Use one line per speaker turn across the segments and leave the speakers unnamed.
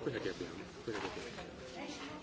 quella che abbiamo, quella che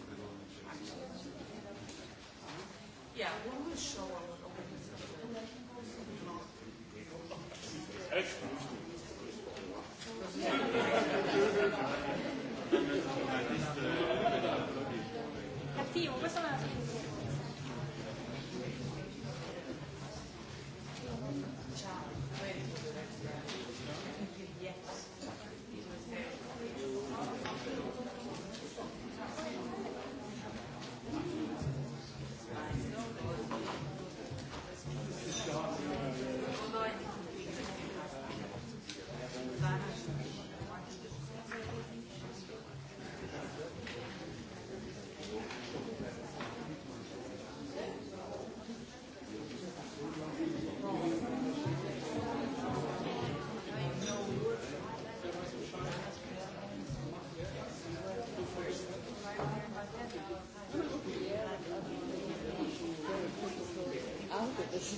que je suis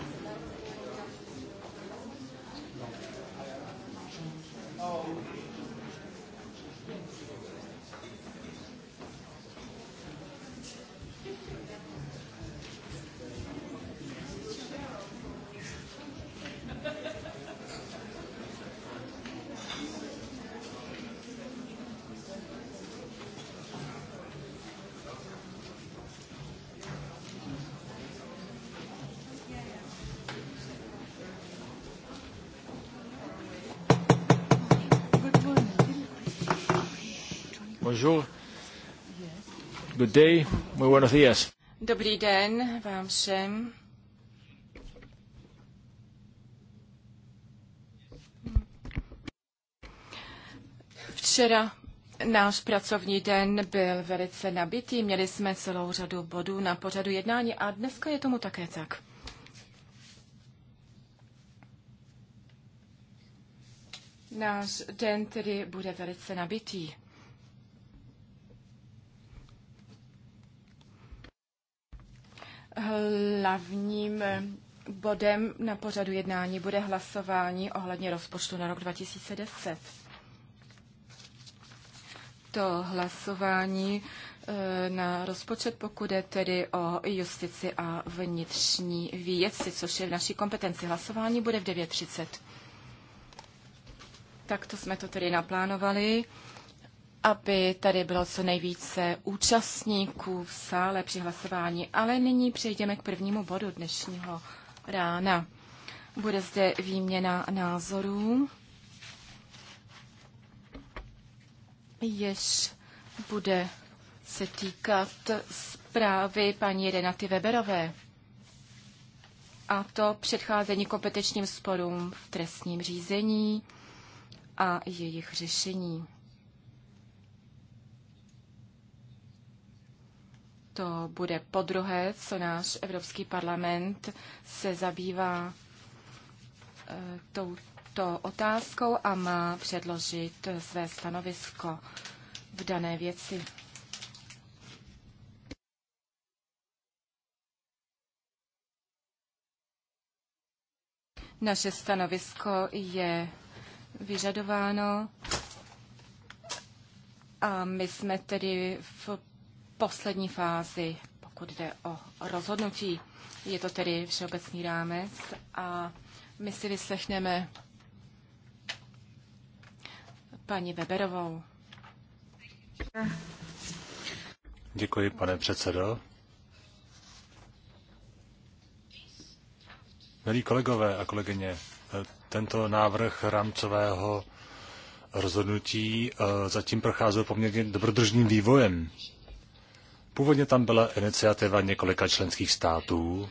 Bonjour. Good day. Muy buenos días.
Dobrý den vám všem. Včera náš pracovní den byl velice nabitý, měli jsme celou řadu bodů na pořadu jednání a dneska je tomu také tak. Náš den tedy bude velice nabitý. Hlavním eh, bodem na pořadu jednání bude hlasování ohledně rozpočtu na rok 2010. To hlasování eh, na rozpočet, pokud je tedy o justici a vnitřní věci, což je v naší kompetenci. Hlasování bude v 9.30. to jsme to tedy naplánovali aby tady bylo co nejvíce účastníků v sále při hlasování. Ale nyní přejdeme k prvnímu bodu dnešního rána. Bude zde výměna názorů, jež bude se týkat zprávy paní Renaty Weberové a to předcházení kompetenčním sporům v trestním řízení a jejich řešení. To bude podruhé, co náš Evropský parlament se zabývá eh, touto otázkou a má předložit své stanovisko v dané věci. Naše stanovisko je vyžadováno a my jsme tedy v poslední fázi, pokud jde o rozhodnutí. Je to tedy všeobecný rámec a my si vyslechneme paní Weberovou.
Děkuji, pane předsedo. Milí kolegové a kolegyně, tento návrh rámcového rozhodnutí eh, zatím procházel poměrně dobrodružným vývojem. Původně tam byla iniciativa několika členských států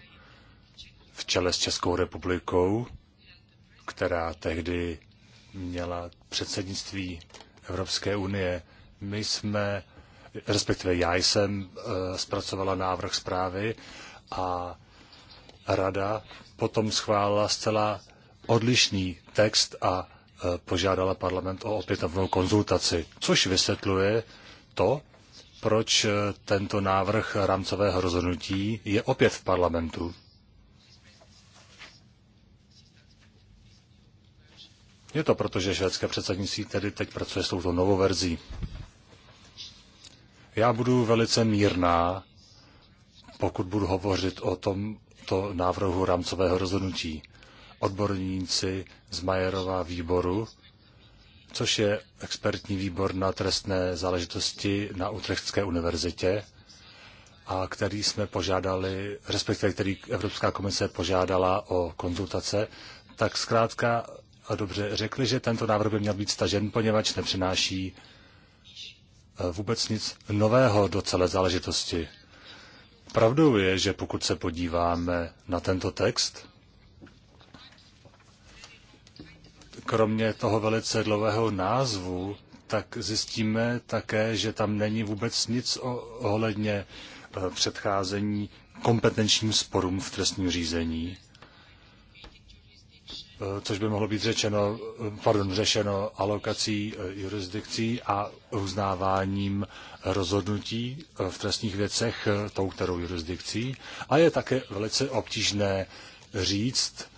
v čele s Českou republikou, která tehdy měla předsednictví Evropské unie. My jsme, respektive já jsem eh, zpracovala návrh zprávy a rada potom schválila zcela odlišný text a eh, požádala parlament o opětovnou konzultaci, což vysvětluje to, proč eh, tento návrh rámcového rozhodnutí je opět v parlamentu. Je to proto, že švédské předsednictví tedy teď pracuje s touto novou verzí. Já budu velice mírná, pokud budu hovořit o tomto návrhu rámcového rozhodnutí. Odborníci z Majerova výboru což je expertní výbor na trestné záležitosti na Utrechtské univerzitě, a který jsme požádali, respektive který Evropská komise požádala o konzultace, tak zkrátka a dobře řekli, že tento návrh by měl být stažen, poněvadž nepřináší eh, vůbec nic nového do celé záležitosti. Pravdou je, že pokud se podíváme na tento text, kromě toho velice dlouhého názvu, tak zjistíme také, že tam není vůbec nic ohledně e, předcházení kompetenčním sporům v trestním řízení, e, což by mohlo být řečeno, e, pardon, řešeno alokací jurisdikcí a uznáváním rozhodnutí v trestních věcech tou kterou jurisdikcí. A je také velice obtížné říct,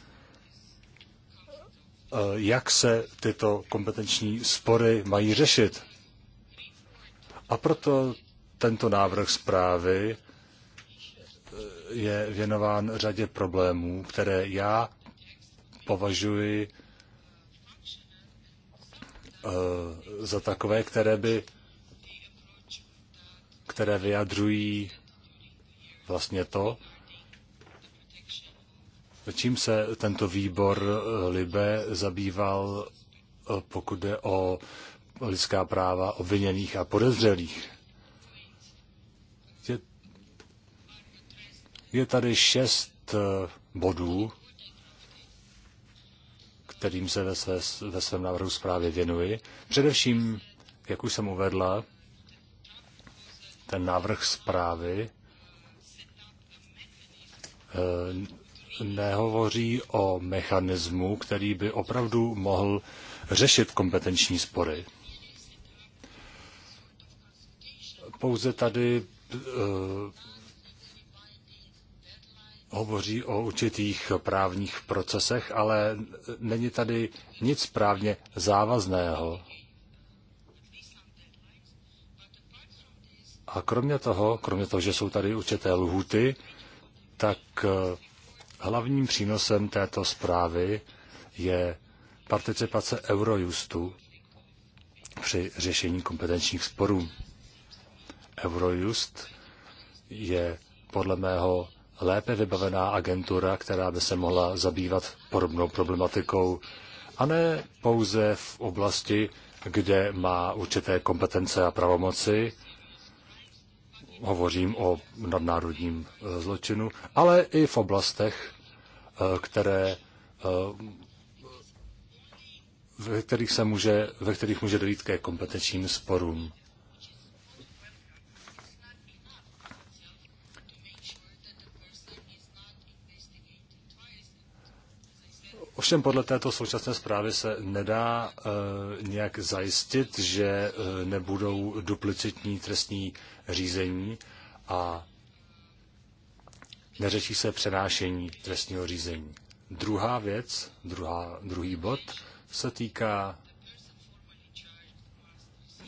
Eh, jak se tyto kompetenční spory mají řešit. A proto tento návrh zprávy eh, je věnován řadě problémů, které já považuji eh, za takové, které by které vyjadřují vlastně to, Čím se tento výbor eh, Libe zabýval, eh, pokud jde o lidská práva obviněných a podezřelých? Je, je tady šest eh, bodů, kterým se ve, své, ve svém návrhu zprávy věnuji. Především, jak už jsem uvedla, ten návrh zprávy nehovoří o mechanismu, který by opravdu mohl řešit kompetenční spory. Pouze tady uh, hovoří o určitých právních procesech, ale není tady nic právně závazného. A kromě toho, kromě toho, že jsou tady určité lhuty, tak uh, Hlavním přínosem této zprávy je participace Eurojustu při řešení kompetenčních sporů. Eurojust je podle mého lépe vybavená agentura, která by se mohla zabývat podobnou problematikou, a ne pouze v oblasti, kde má určité kompetence a pravomoci, hovořím o nadnárodním eh, zločinu, ale i v oblastech, eh, které, eh, ve, kterých se může, ve kterých může dojít ke kompetenčním sporům. Ovšem podle této současné zprávy se nedá e, nějak zajistit, že e, nebudou duplicitní trestní řízení a neřeší se přenášení trestního řízení. Druhá věc, druhá, druhý bod, se týká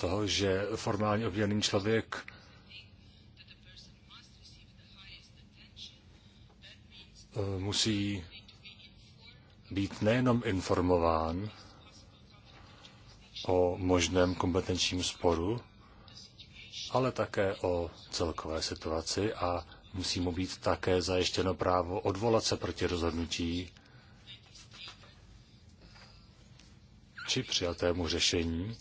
toho, že formálně obviněný člověk musí být nejenom informován o možném kompetenčním sporu, ale také o celkové situaci a musí mu být také zajištěno právo odvolat se proti rozhodnutí či přijatému řešení,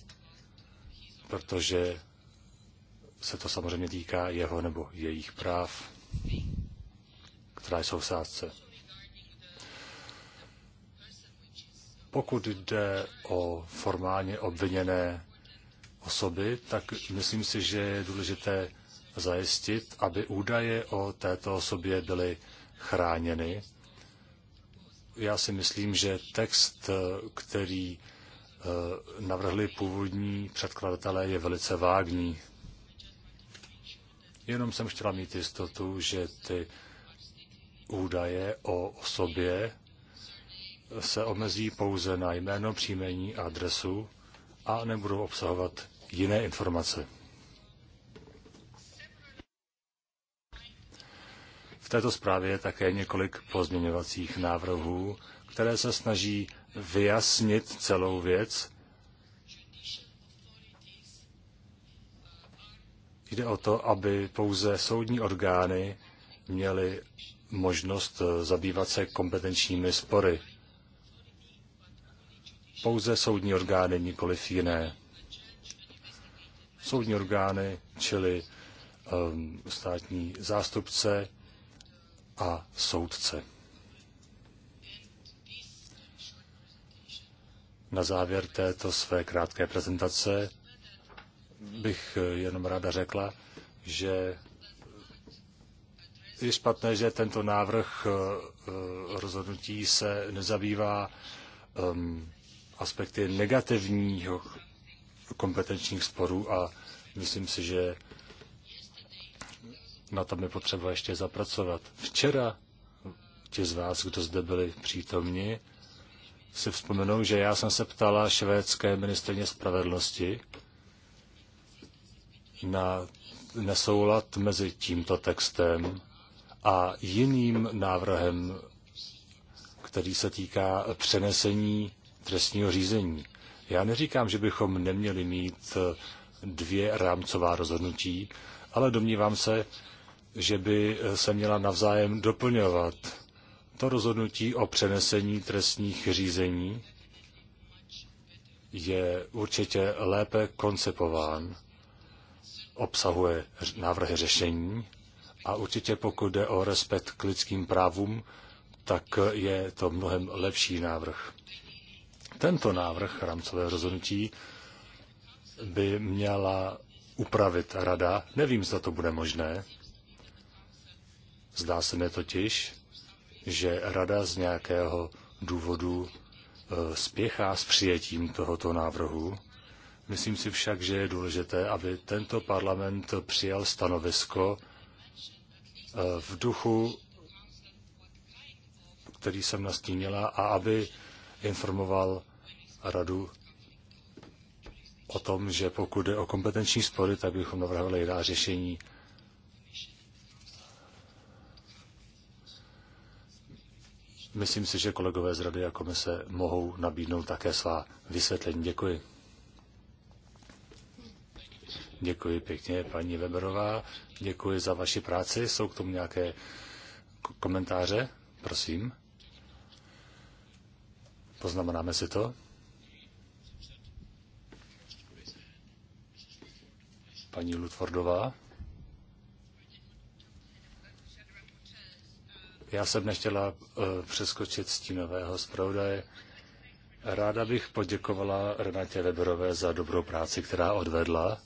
protože se to samozřejmě týká jeho nebo jejich práv, která jsou v sázce. Pokud jde o formálně obviněné osoby, tak myslím si, že je důležité zajistit, aby údaje o této osobě byly chráněny. Já si myslím, že text, který eh, navrhli původní předkladatelé, je velice vágní. Jenom jsem chtěla mít jistotu, že ty údaje o osobě se omezí pouze na jméno, příjmení a adresu a nebudou obsahovat jiné informace. V této zprávě je také několik pozměňovacích návrhů, které se snaží vyjasnit celou věc. Jde o to, aby pouze soudní orgány měly možnost zabývat se kompetenčními spory. Pouze soudní orgány, nikoliv jiné soudní orgány, čili um, státní zástupce a soudce. Na závěr této své krátké prezentace bych eh, jenom ráda řekla, že je špatné, že tento návrh eh, eh, rozhodnutí se nezabývá ehm, aspekty negativního kompetenčních sporů a myslím si, že na tom je potřeba ještě zapracovat. Včera ti z vás, kdo zde byli přítomni, si vzpomenou, že já jsem se ptala švédské ministrně spravedlnosti na nesoulad mezi tímto textem a jiným návrhem, který se týká přenesení trestního řízení. Já neříkám, že bychom neměli mít eh, dvě rámcová rozhodnutí, ale domnívám se, že by eh, se měla navzájem doplňovat to rozhodnutí o přenesení trestních řízení je určitě lépe koncepován, obsahuje návrhy řešení a určitě pokud jde o respekt k lidským právům, tak eh, je to mnohem lepší návrh tento návrh rámcového rozhodnutí by měla upravit rada. Nevím, zda to bude možné. Zdá se mi totiž, že rada z nějakého důvodu e, spěchá s přijetím tohoto návrhu. Myslím si však, že je důležité, aby tento parlament přijal stanovisko e, v duchu, který jsem nastínila, a aby informoval radu o tom, že pokud jde o kompetenční spory, tak bychom navrhovali jiná řešení. Myslím si, že kolegové z Rady a komise mohou nabídnout také svá vysvětlení. Děkuji. Děkuji pěkně, paní Weberová. Děkuji za vaši práci. Jsou k tomu nějaké komentáře? Prosím. Poznamenáme si to. Paní Ludfordová. Já jsem nechtěla eh, přeskočit stínového zpravodaje. Ráda bych poděkovala Renatě Weberové za dobrou práci, která odvedla.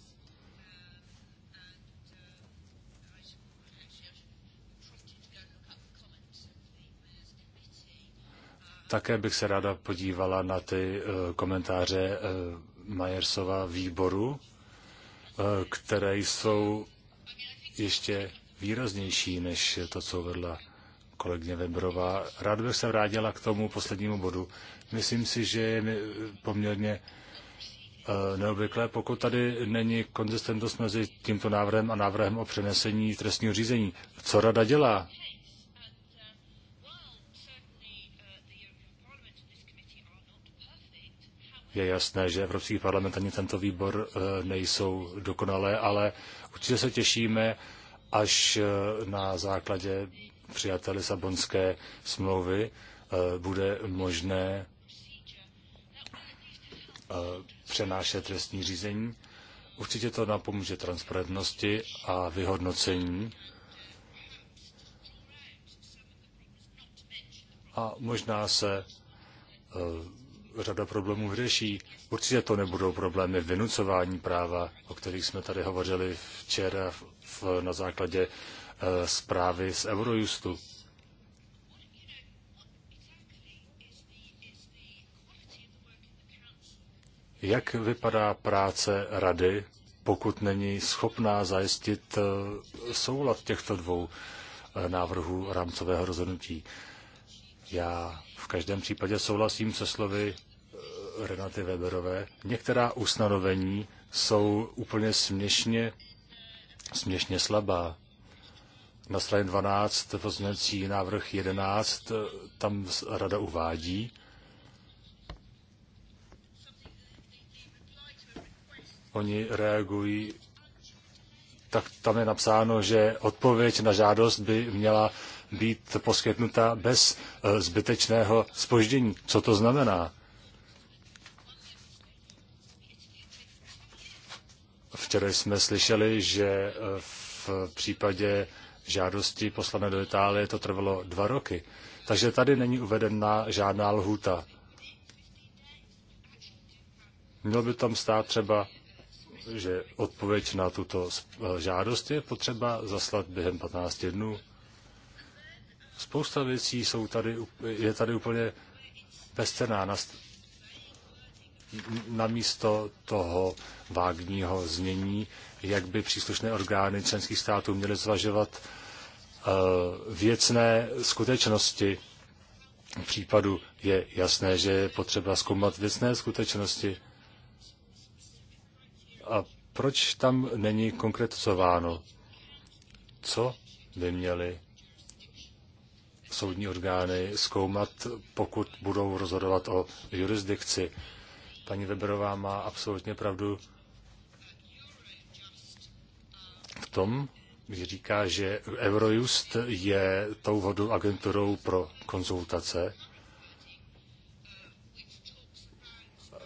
Také bych se ráda podívala na ty eh, komentáře eh, Majersova výboru Eh, které jsou ještě výraznější než to, co vedla kolegyně Weberová. Rád bych se vrátila k tomu poslednímu bodu. Myslím si, že je eh, poměrně eh, neobvyklé, pokud tady není konzistentnost mezi tímto návrhem a návrhem o přenesení trestního řízení. Co rada dělá? Je jasné, že Evropský parlament ani tento výbor e, nejsou dokonalé, ale určitě se těšíme, až e, na základě přijaté Lisabonské smlouvy e, bude možné přenášet trestní řízení. Určitě to napomůže transparentnosti a vyhodnocení. A možná se řada problémů vyřeší. Určitě to nebudou problémy vynucování práva, o kterých jsme tady hovořili včera v, v, na základě e, zprávy z Eurojustu. Jak vypadá práce rady, pokud není schopná zajistit eh, soulad těchto dvou eh, návrhů rámcového rozhodnutí? Já v každém případě souhlasím se slovy Renaty Weberové. Některá ustanovení jsou úplně směšně, směšně slabá. Na straně 12, pozměnací návrh 11, tam rada uvádí, oni reagují, tak tam je napsáno, že odpověď na žádost by měla být poskytnuta bez eh, zbytečného spoždění. Co to znamená? Včera jsme slyšeli, že eh, v případě žádosti poslané do Itálie to trvalo dva roky. Takže tady není uvedena žádná lhůta. Mělo by tam stát třeba, že odpověď na tuto eh, žádost je potřeba zaslat během 15 dnů. Spousta věcí jsou tady, je tady úplně bezcená namísto toho vágního znění, jak by příslušné orgány členských států měly zvažovat eh, věcné skutečnosti případu. Je jasné, že je potřeba zkoumat věcné skutečnosti. A proč tam není konkretizováno, co by měly soudní orgány zkoumat, pokud budou rozhodovat o jurisdikci. Paní Weberová má absolutně pravdu v tom, že říká, že Eurojust je tou vhodnou agenturou pro konzultace.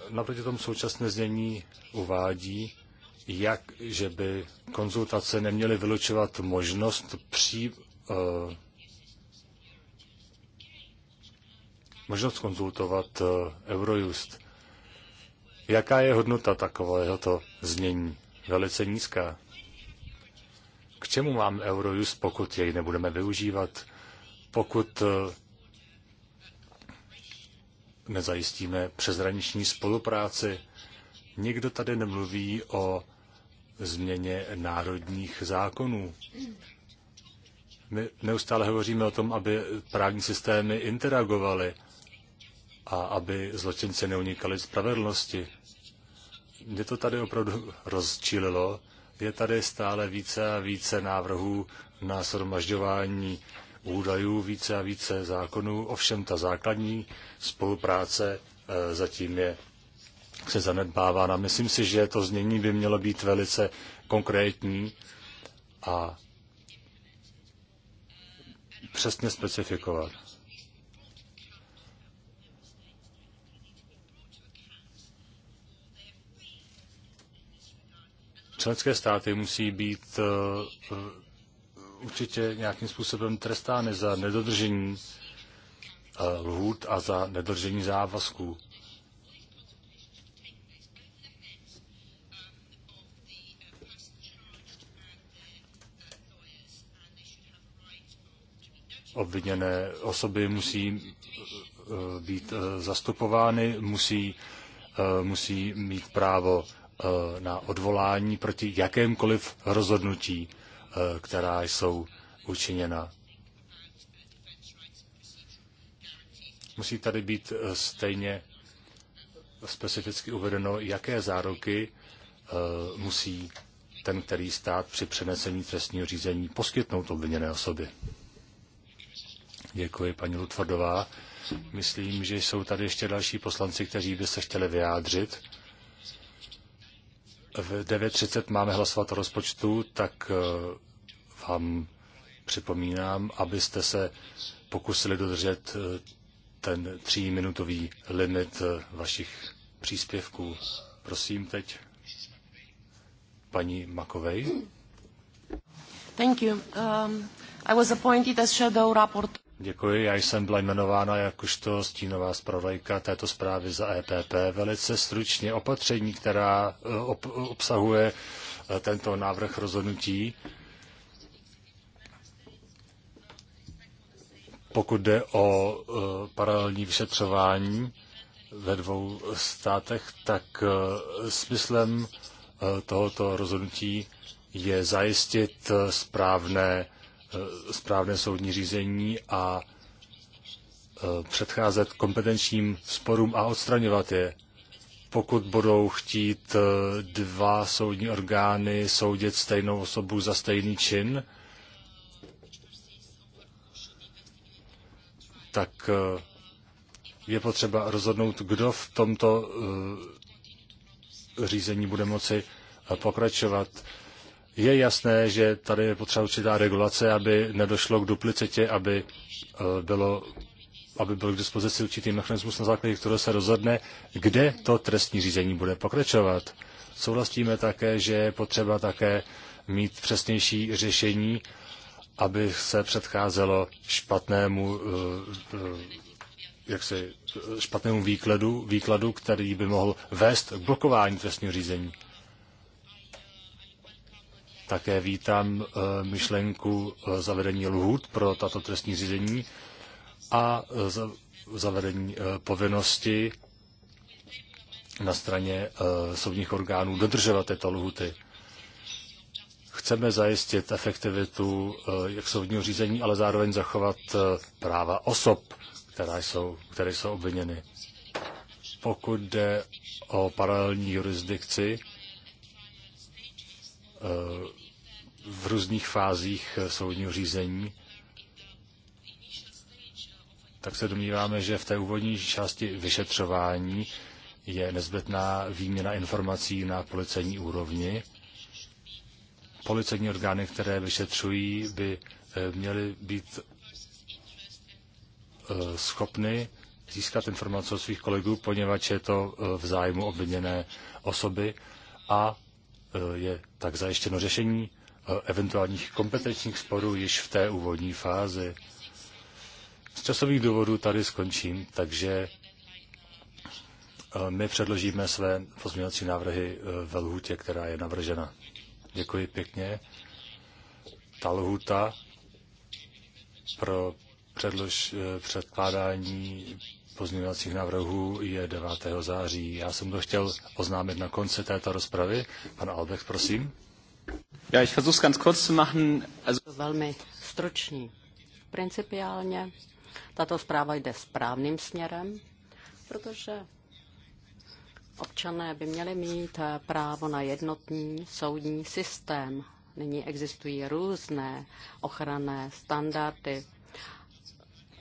Naproti tomu současné znění uvádí, jak, že by konzultace neměly vylučovat možnost při uh, eh, možnost konzultovat uh, Eurojust. Jaká je hodnota takovéhoto znění? Velice nízká. K čemu mám Eurojust, pokud jej nebudeme využívat, pokud eh, nezajistíme přezraniční spolupráci? Nikdo tady nemluví o změně národních zákonů. My neustále hovoříme o tom, aby právní systémy interagovaly a aby zločinci neunikali spravedlnosti mě to tady opravdu rozčililo. Je tady stále více a více návrhů na shromažďování údajů, více a více zákonů, ovšem ta základní spolupráce eh, zatím je se zanedbávána. Myslím si, že to znění by mělo být velice konkrétní a přesně specifikovat. členské státy musí být eh, eh, určitě nějakým způsobem trestány za nedodržení eh, lhůt a za nedodržení závazků. Obviněné osoby musí být zastupovány, musí, musí mít právo Eh, na odvolání proti jakémkoliv rozhodnutí, eh, která jsou učiněna. Musí tady být eh, stejně specificky uvedeno, jaké záruky musí ten, který stát při přenesení trestního řízení poskytnout obviněné osoby. Děkuji, paní Lutvardová. Myslím, že jsou tady ještě další poslanci, kteří by se chtěli vyjádřit v 9.30 máme hlasovat o rozpočtu, tak eh, vám připomínám, abyste se pokusili dodržet eh, ten tříminutový limit eh, vašich příspěvků. Prosím teď paní Makovej.
Thank you. Um, I was appointed as shadow rapport.
Děkuji, já jsem byla jmenována jakožto stínová zpravodajka této zprávy za EPP. Velice stručně opatření, která eh, obsahuje eh, tento návrh rozhodnutí, pokud jde o eh, paralelní vyšetřování ve dvou státech, tak smyslem tohoto rozhodnutí je zajistit správné Eh, správné soudní řízení a eh, předcházet kompetenčním sporům a odstraňovat je. Pokud budou chtít eh, dva soudní orgány soudit stejnou osobu za stejný čin, tak je potřeba rozhodnout, kdo v tomto řízení bude moci pokračovat. Je jasné, že tady je potřeba určitá regulace, aby nedošlo k duplicitě, aby eh, bylo aby byl k dispozici určitý mechanismus, na základě kterého se rozhodne, kde to trestní řízení bude pokračovat. Souhlasíme také, že je potřeba také mít přesnější řešení, aby se předcházelo špatnému, eh, eh, jak se, špatnému výkladu, výkladu, který by mohl vést k blokování trestního řízení. Také vítám eh, myšlenku eh, zavedení lhůt pro tato trestní řízení a eh, zavedení povinnosti na straně soudních orgánů dodržovat tyto lhuty. Chceme zajistit efektivitu jak soudního řízení, ale zároveň zachovat práva osob, které jsou, které jsou obviněny. Pokud jde o paralelní jurisdikci, v různých fázích eh, soudního řízení, tak se domníváme, že v té úvodní části vyšetřování je nezbytná výměna informací na policejní úrovni. Policejní orgány, které vyšetřují, by eh, měly být eh, schopny získat informace od svých kolegů, poněvadž je to v zájmu obviněné osoby a je tak zajištěno řešení Eh, eventuálních kompetenčních sporů již v té úvodní fázi. Z časových důvodů tady skončím, takže eh, my předložíme své pozměňovací návrhy eh, ve lhůtě, která je navržena. Děkuji pěkně. Ta lhůta pro předlož, předkládání pozměňovacích návrhů je 9. září. Já jsem to chtěl oznámit na konci této rozpravy. Pan Albech, prosím. Ja, ich versuch's ganz kurz zu machen. Also... Velmi stručný.
Principiálně tato zpráva jde správným směrem, protože občané by měli mít eh, právo na jednotný soudní systém. Nyní existují různé ochranné standardy.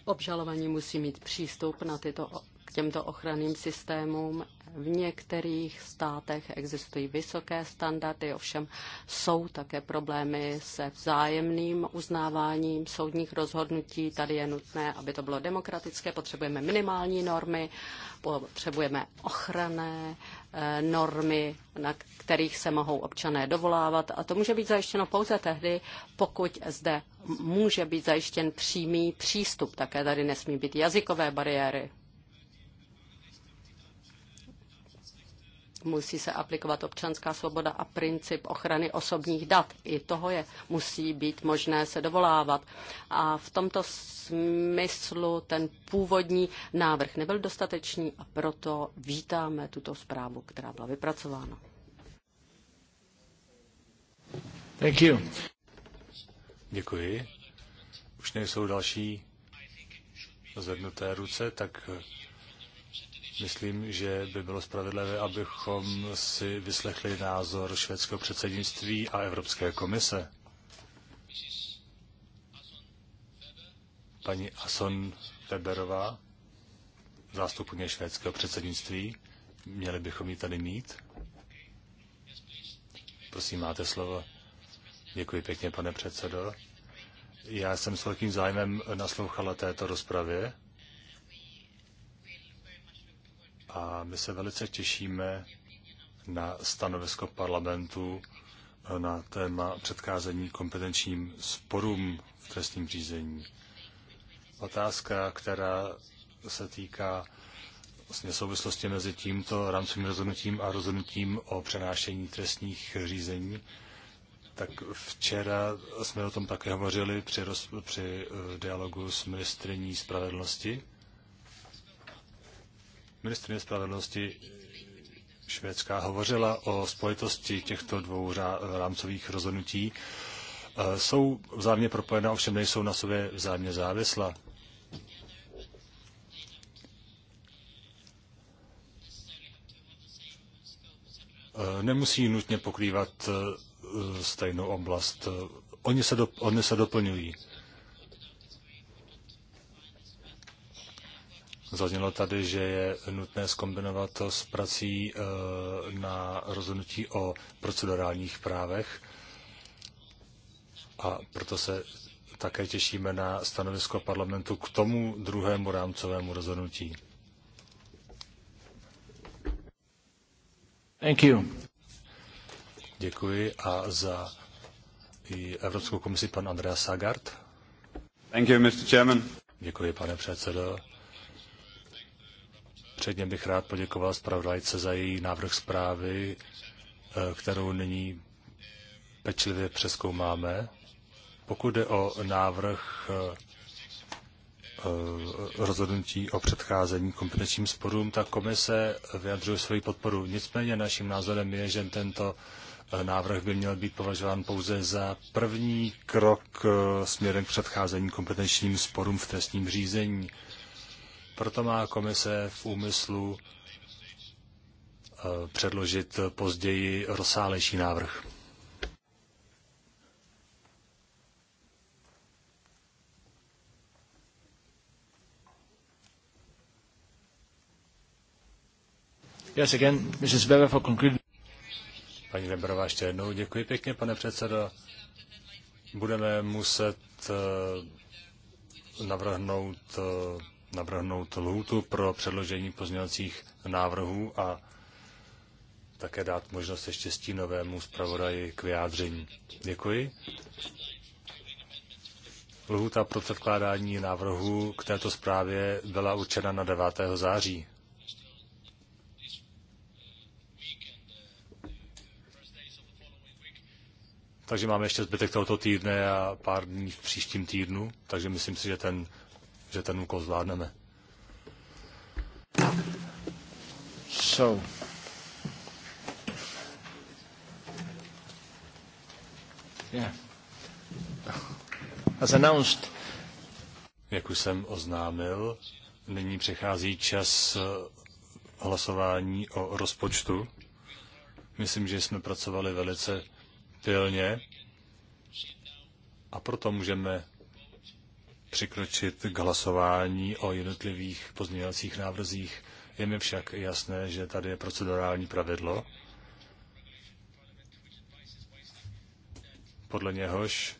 Obžalovaní musí mít přístup na tyto, k těmto ochranným systémům v některých státech existují vysoké standardy, ovšem jsou také problémy se vzájemným uznáváním soudních rozhodnutí. Tady je nutné, aby to bylo demokratické, potřebujeme minimální normy, potřebujeme ochranné eh, normy, na kterých se mohou občané dovolávat. A to může být zajištěno pouze tehdy, pokud zde může být zajištěn přímý přístup. Také tady nesmí být jazykové bariéry. musí se aplikovat občanská svoboda a princip ochrany osobních dat. I toho je musí být možné se dovolávat. A v tomto smyslu ten původní návrh nebyl dostatečný a proto vítáme tuto zprávu, která byla vypracována.
Thank you. Děkuji. Už nejsou další zvednuté ruce, tak Myslím, že by bylo spravedlivé, abychom si vyslechli názor švédského předsednictví a Evropské komise. Paní Ason Weberová, zástupně švédského předsednictví, měli bychom ji tady mít. Prosím, máte slovo. Děkuji pěkně, pane předsedo. Já jsem s velkým zájmem naslouchala této rozpravě a my se velice těšíme na stanovisko parlamentu eh, na téma předcházení kompetenčním sporům v trestním řízení. Otázka, která se týká vlastně souvislosti mezi tímto rámcovým rozhodnutím a rozhodnutím o přenášení trestních řízení, tak včera jsme o tom také hovořili při, při eh, dialogu s ministriní spravedlnosti ministrině spravedlnosti švédská hovořila o spojitosti těchto dvou rámcových rozhodnutí. E, jsou vzájemně propojena, ovšem nejsou na sobě vzájemně závislá. E, nemusí nutně pokrývat e, stejnou oblast. Oni se, do, oni se doplňují. Zaznělo tady, že je nutné skombinovat to s prací eh, na rozhodnutí o procedurálních právech a proto se také těšíme na stanovisko parlamentu k tomu druhému rámcovému rozhodnutí. Thank you. Děkuji a za i Evropskou komisi pan Andreas Sagard. Thank you, Mr. Chairman. Děkuji, pane předsedo. Předně bych rád poděkoval zpravodajce za její návrh zprávy, eh, kterou nyní pečlivě přeskoumáme. Pokud jde o návrh eh, eh, rozhodnutí o předcházení kompetenčním sporům, tak komise vyjadřuje svoji podporu. Nicméně naším názorem je, že tento návrh by měl být považován pouze za první krok směrem k předcházení kompetenčním sporům v trestním řízení. Proto má komise v úmyslu eh, předložit později rozsálejší návrh. Yes, again, Mrs. Weber for concluding. Paní Weberová, ještě jednou děkuji pěkně, pane předsedo. Budeme muset eh, navrhnout uh, navrhnout lhůtu pro předložení pozměňovacích návrhů a také dát možnost ještě stínovému zpravodaji k vyjádření. Děkuji. Lhůta pro předkládání návrhu k této zprávě byla určena na 9. září. Takže máme ještě zbytek tohoto týdne a pár dní v příštím týdnu, takže myslím si, že ten že ten úkol zvládneme. So. Yeah. As announced. Jak už jsem oznámil, nyní přechází čas eh, hlasování o rozpočtu. Myslím, že jsme pracovali velice pilně a proto můžeme přikročit k hlasování o jednotlivých pozměňovacích návrzích. Je mi však jasné, že tady je procedurální pravidlo, podle něhož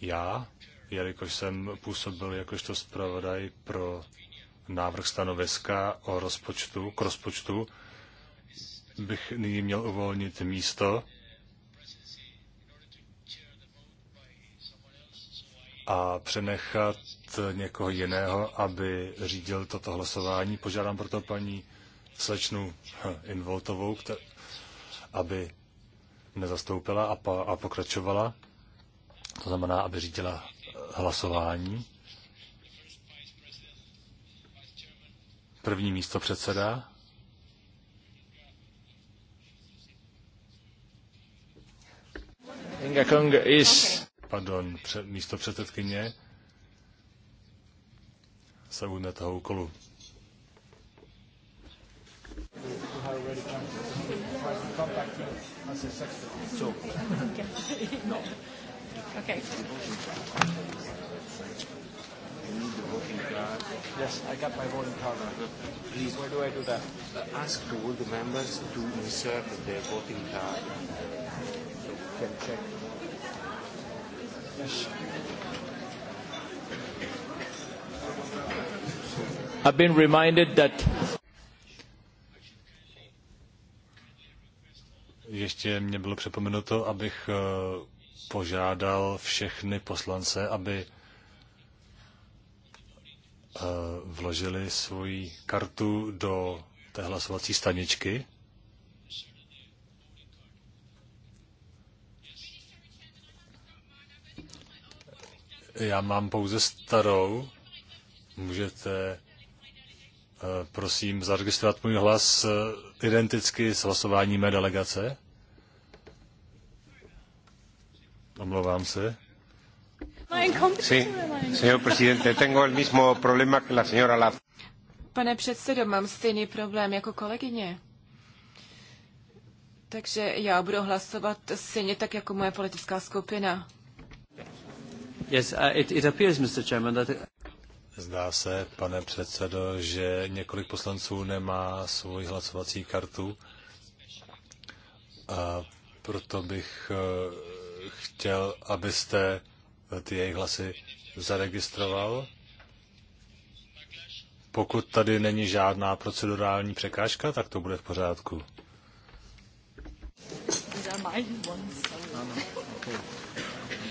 já, jelikož jsem působil jakožto zpravodaj pro návrh stanoviska o rozpočtu, k rozpočtu, bych nyní měl uvolnit místo a přenechat někoho jiného, aby řídil toto hlasování. Požádám proto paní slečnu hm, Involtovou, aby nezastoupila a, pa- a pokračovala. To znamená, aby řídila eh, hlasování. První místo předseda. Inga Kong is pardon, pře, místo předsedkyně se ujme toho úkolu. Okay.
Yes, I got my voting card. Please, where do I do that? Ask all the members to insert their voting card. So we
can check.
I've been reminded that Ještě mě bylo připomenuto, abych eh, požádal všechny poslance, aby eh, vložili svoji kartu do té hlasovací staničky. Já mám pouze starou. Můžete eh, prosím zaregistrovat můj hlas eh, identicky s hlasováním mé delegace? Omlouvám se.
Pane předsedo, mám stejný problém jako kolegyně. Takže já budu hlasovat stejně tak jako moje politická skupina.
Uh, Zdá se, pane předsedo, že několik poslanců nemá svoji hlasovací kartu. A proto bych eh, chtěl, abyste eh, ty jejich hlasy zaregistroval. Pokud tady není žádná procedurální překážka, tak to bude v pořádku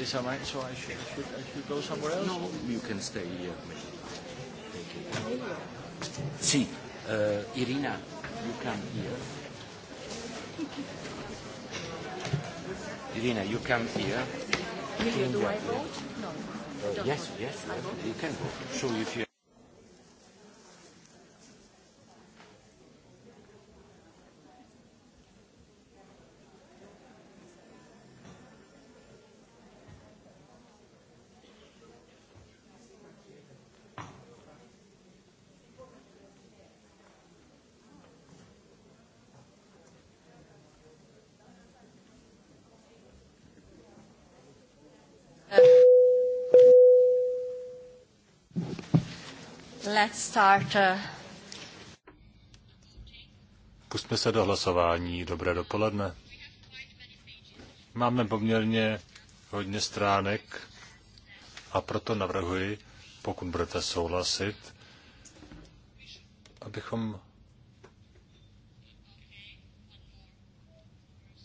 is all right. So I should, I should, I should go somewhere else. No, you can stay
here. Maybe. Thank you. See, uh, Irina,
you come here. Irina,
you come here. Will you do no. oh, I
vote? No.
Uh, yes,
yes, yes. You can vote. Show if you.
Let's start. Uh,
Pustme se do hlasování. Dobré dopoledne. Máme poměrně hodně stránek a proto navrhuji, pokud budete souhlasit, abychom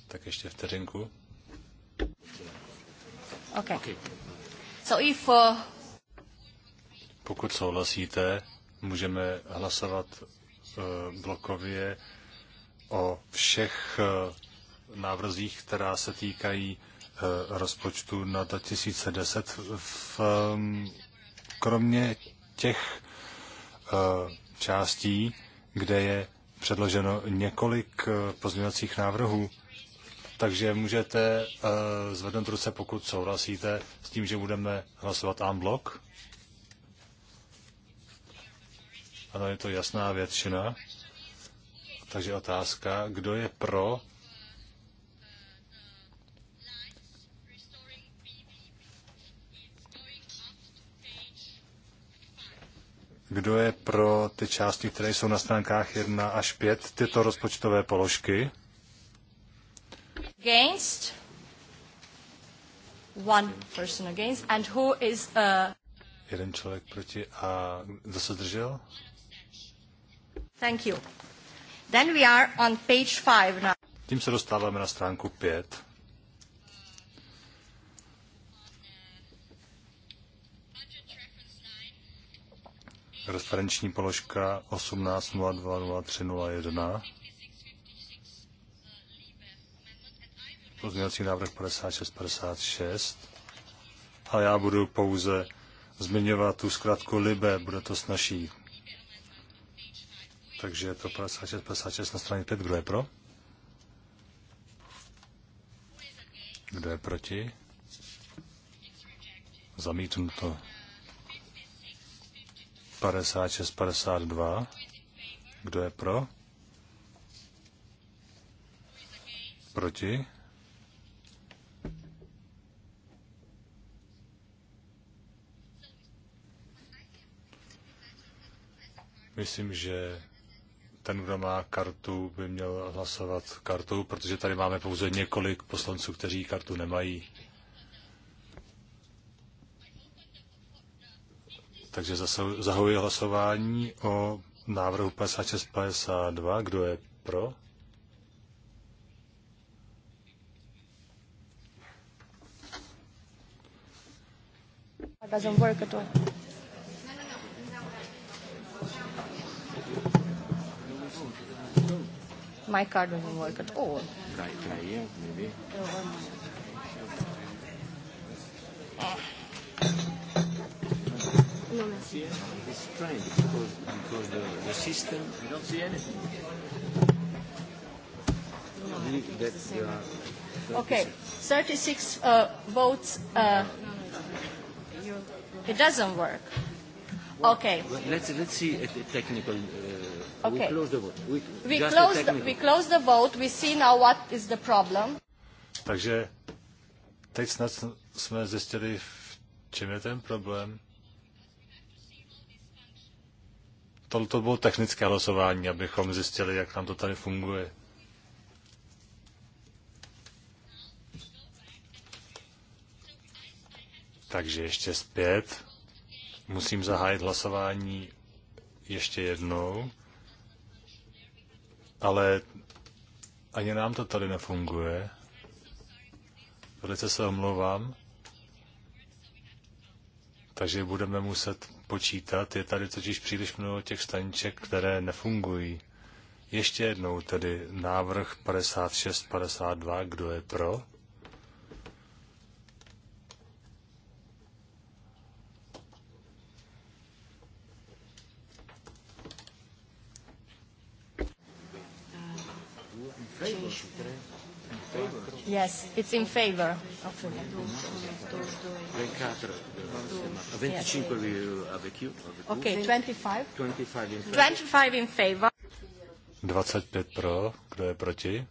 Tak ještě vteřinku. Okay. okay.
So if uh,
pokud souhlasíte, můžeme hlasovat eh, blokově o všech eh, návrzích, která se týkají eh, rozpočtu na 2010, v, ehm, kromě těch částí, kde je předloženo několik pozměňovacích návrhů. Takže můžete zvednout ruce, pokud souhlasíte s tím, že budeme hlasovat en bloc. Ano, je to jasná většina. Takže otázka, kdo je pro kdo je pro ty části, které jsou na stránkách 1 až 5, tyto rozpočtové položky?
Against. One person against. And who is, uh...
Jeden člověk proti a kdo se zdržel?
Thank you. Then we are on page five now.
Tím se dostáváme na stránku 5. Referenční položka 18.02.03.01. Pozměňovací návrh 5656. A já budu pouze zmiňovat tu zkratku LIBE, bude to snažší. Takže je to 56, 56 na straně 5. Kdo je pro? Kdo je proti? Zamítnu to. 56, 52. Kdo je pro? Proti? Myslím, že ten, kdo má kartu, by měl hlasovat kartou, protože tady máme pouze několik poslanců, kteří kartu nemají. Takže zahajuji hlasování o návrhu 56-52. Kdo je pro?
doesn't work at all. my card doesn't work at all. Try, try here, maybe.
No, merci. It's strange because, because the, the system. I don't see anything. No, I believe that there uh,
are. 36. Okay, 36 uh, votes. Uh, no, no, no. It doesn't work. Okay. Well,
Let's, let's see a technical. Uh, Okay. We close the vote. We, we, close the, we
close the vote. We see now what is the problem.
Takže teď snad jsme zjistili, v čem je ten problém. Toto bylo technické hlasování, abychom zjistili, jak nám to tady funguje. Takže ještě zpět. Musím zahájit hlasování ještě jednou ale ani nám to tady nefunguje. Velice se omlouvám. Takže budeme muset počítat. Je tady totiž příliš mnoho těch staniček, které nefungují. Ještě jednou tedy návrh 56-52, kdo je pro?
Yes, it's in favor of
25 Okay,
25.
25 in favor. 25 pro, kdo je proti?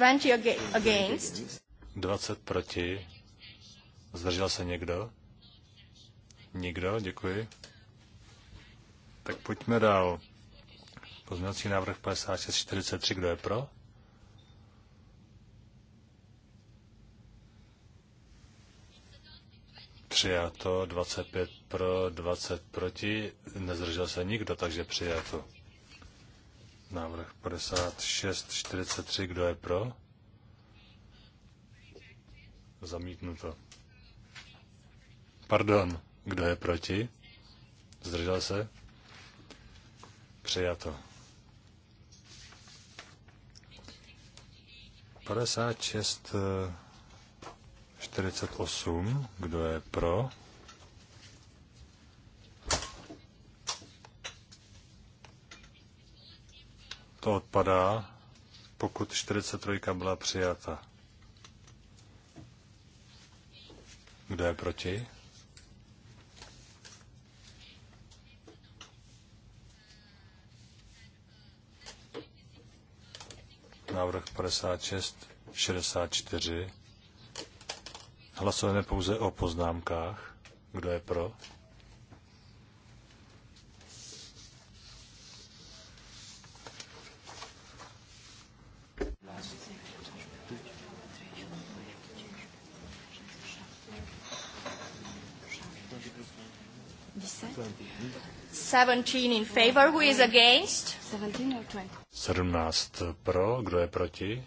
20 against.
20 proti. Zdržel se někdo? Nikdo, děkuji. Tak pojďme dál. Pozměňovací návrh 5643, kdo je pro? Přijato, 25 pro, 20 proti, nezdržel se nikdo, takže přijato. Návrh 5643, kdo je pro? Zamítnuto. Pardon, kdo je proti? Zdržel se? Přijato. 56, 48, kdo je pro? to odpadá, pokud 43 byla přijata. Kdo je proti? Návrh 56, 64. Hlasujeme pouze o poznámkách. Kdo je pro?
17 in favor, who is against? 17 20?
17 pro, kdo je proti?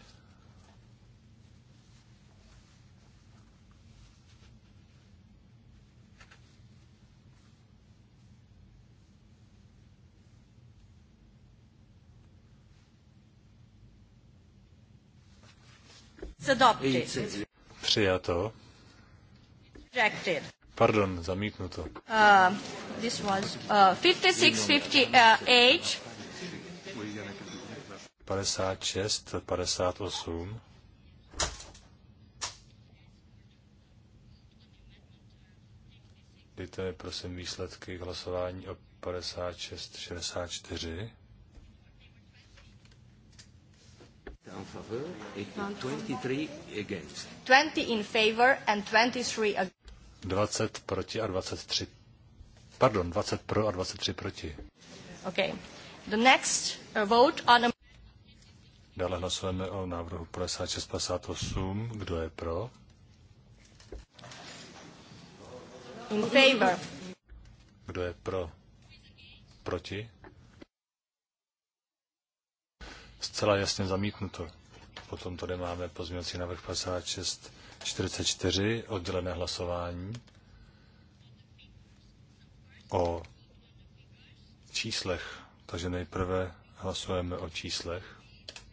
Přijato. Rejected. Pardon, zamítnuto.
Uh, this was uh, 56-58.
Dejte mi prosím výsledky k hlasování o 56, 64. 20
in favor and 23 against.
20 proti a 23. Pardon, 20 pro a 23 proti.
Okay. The next uh, vote on a...
Dále hlasujeme o návrhu 5658. Kdo je pro?
In favor.
Kdo je pro? Proti? Zcela jasně zamítnuto. Potom tady máme pozměňovací návrh 56 44, oddělené hlasování o číslech. Takže nejprve hlasujeme o číslech,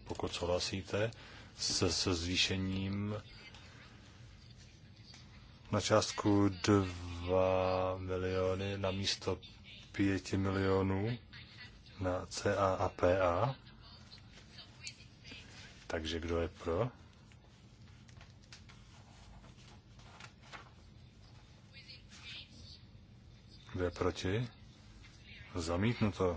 pokud souhlasíte, se, se zvýšením na částku 2 miliony na místo 5 milionů na CA a PA. Takže kdo je pro? Kdo je proti? Zamítnuto.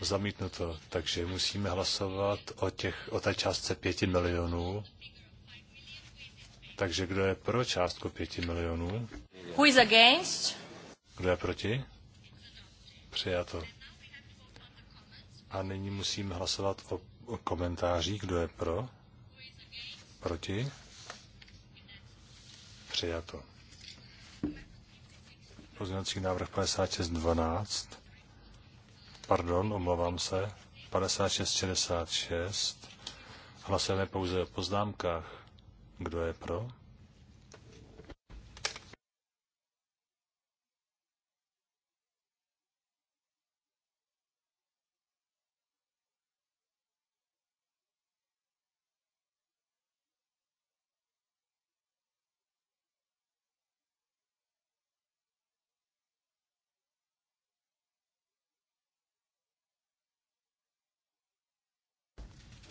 Zamítnuto. Takže musíme hlasovat o, těch, o té částce 5 milionů. Takže kdo je pro částku 5 milionů? Who is
against?
Kdo je proti? Přijato. A nyní musíme hlasovat o, o komentářích. Kdo je pro? Proti? Přijato. Pozměňovací návrh 5612. Pardon, omlouvám se. 5666. Hlasujeme pouze o poznámkách. Kdo je pro?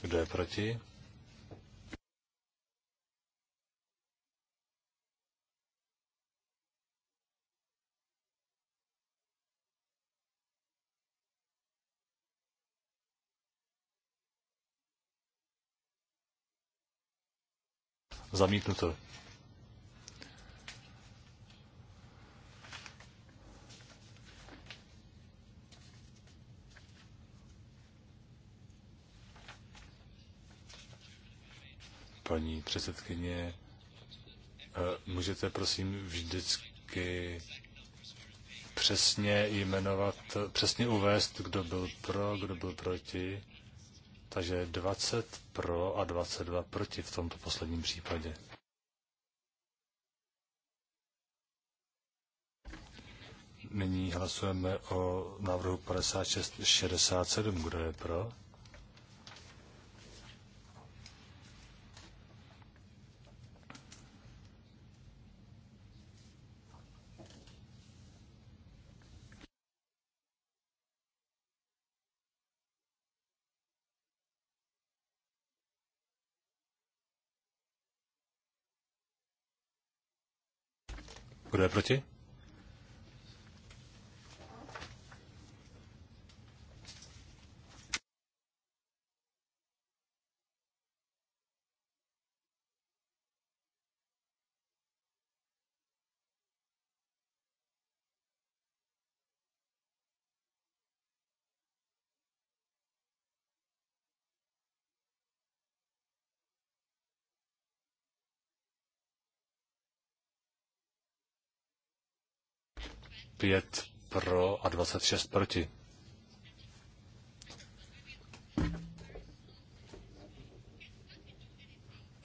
Kdo je proti? Zamítnuto. paní předsedkyně. Eh, můžete prosím vždycky přesně jmenovat, přesně uvést, kdo byl pro, kdo byl proti. Takže 20 pro a 22 proti v tomto posledním případě. Nyní hlasujeme o návrhu 56-67. Kdo je pro? Kdo je proti? 25 pro a 26 proti.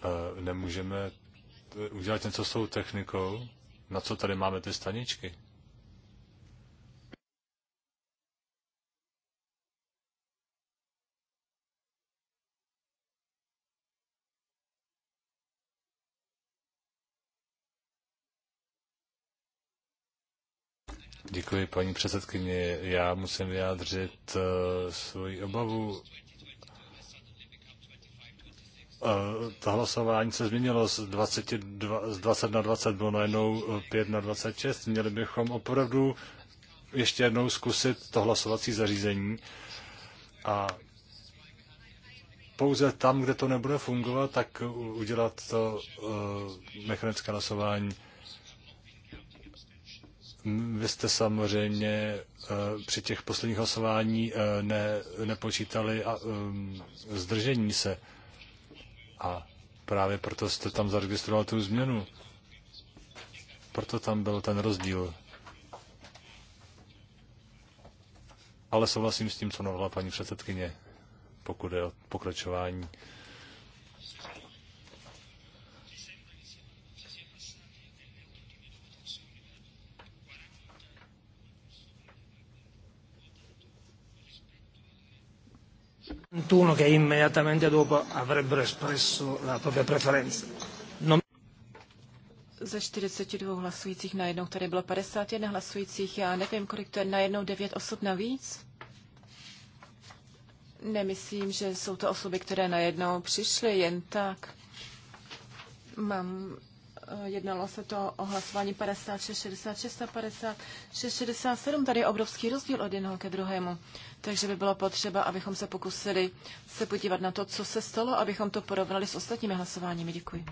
E, nemůžeme e, udělat něco s tou technikou, na co tady máme ty staničky. Děkuji, paní předsedkyně. Já musím vyjádřit eh, svoji obavu. Eh, to hlasování se změnilo z, 22, z 20 na 20, bylo najednou 5 eh, na 26. Měli bychom opravdu ještě jednou zkusit to hlasovací zařízení. A pouze tam, kde to nebude fungovat, tak udělat to mechanické hlasování. Mm, vy jste samozřejmě eh, při těch posledních hlasování eh, ne, nepočítali a, um, zdržení se. A právě proto jste tam zaregistroval tu změnu. Proto tam byl ten rozdíl. Ale souhlasím s tím, co navrhla paní předsedkyně, pokud je o pokračování. 21 che immediatamente dopo avrebbero espresso la propria preferenza. Non...
Ze 42 hlasujících najednou tady bylo 51 hlasujících, já nevím, kolik to je najednou 9 osob navíc. Nemyslím, že jsou to osoby, které najednou přišly jen tak. Mám Eh, jednalo se to o hlasování 56, 66 a 56, 67. Tady je obrovský rozdíl od jednoho ke druhému. Takže by bylo potřeba, abychom se pokusili se podívat na to, co se stalo, abychom to porovnali s ostatními hlasováními. Děkuji.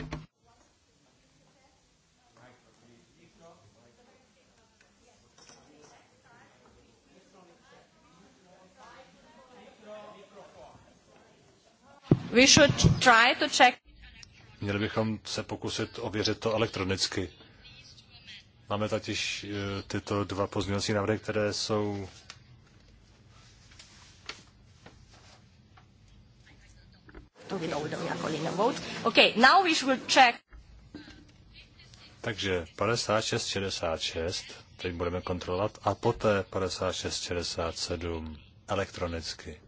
We should try to check.
Měli bychom se pokusit ověřit to elektronicky. Máme totiž e, tyto dva pozměňovací návrhy, které jsou jako Takže 56, 66, teď budeme kontrolovat, a poté 56, 67 elektronicky.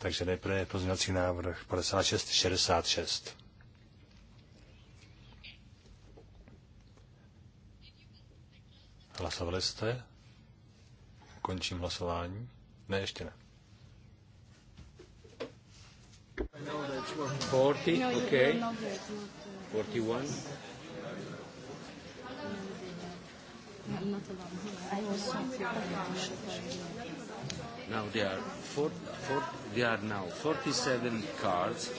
Takže nejprve je pozměňovací návrh 5666. Hlasovali jste? Končím hlasování? Ne, ještě ne. Forty, no, okay. Uh, Forty one. Now there are, four, four, there are now 47 cards,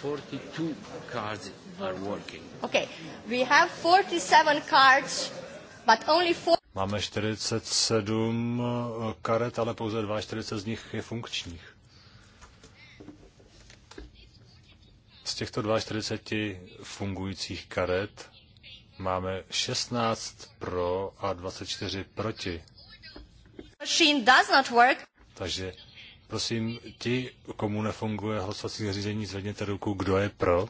42 cards are working. Okay, we have 47 cards, but only four...
Máme 47 eh, karet, ale pouze 42 z nich je funkčních. Z těchto 42 fungujících karet máme 16 pro a 24 proti. Takže prosím, ti, komu nefunguje hlasovací zařízení, zvedněte ruku, kdo je pro.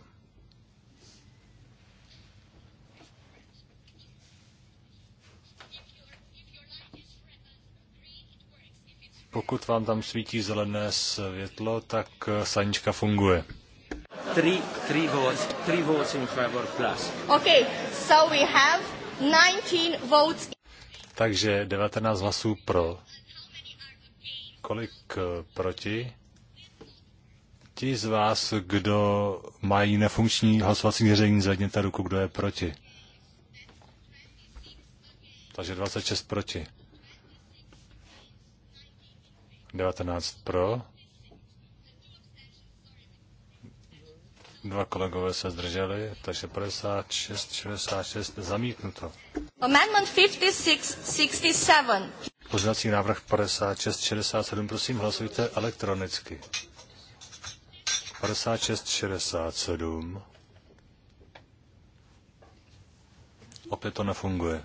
Pokud vám tam svítí zelené světlo, tak eh, sanička funguje. Three, three votes, three votes in favor plus.
Okay, so we have 19 votes
takže 19 hlasů pro. Kolik eh, proti? Ti z vás, kdo mají nefunkční hlasovací zařízení, zvedněte ruku, kdo je proti. Takže 26 proti. 19 pro. Dva kolegové se zdrželi, takže 56, 66 zamítnuto.
Amendment 56, 67.
Poznací návrh 56, 67, prosím hlasujte elektronicky. 56, 67. Opět to nefunguje.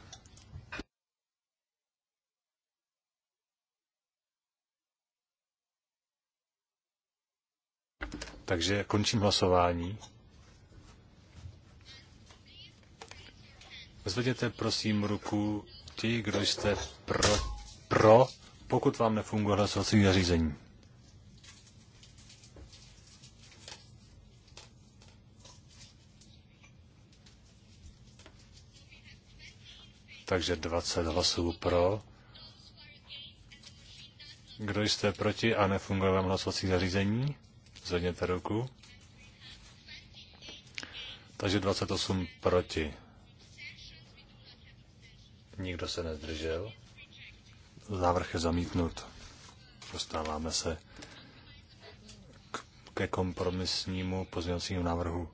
Takže končím hlasování. Zvedněte prosím ruku ti, kdo jste pro, pro pokud vám nefunguje hlasovací zařízení. Takže 20 hlasů pro. Kdo jste proti a nefunguje vám hlasovací zařízení? Zvedněte ruku. Takže 28 proti. Nikdo se nezdržel. Návrh je zamítnut. Dostáváme se k, ke kompromisnímu pozměňovacímu návrhu.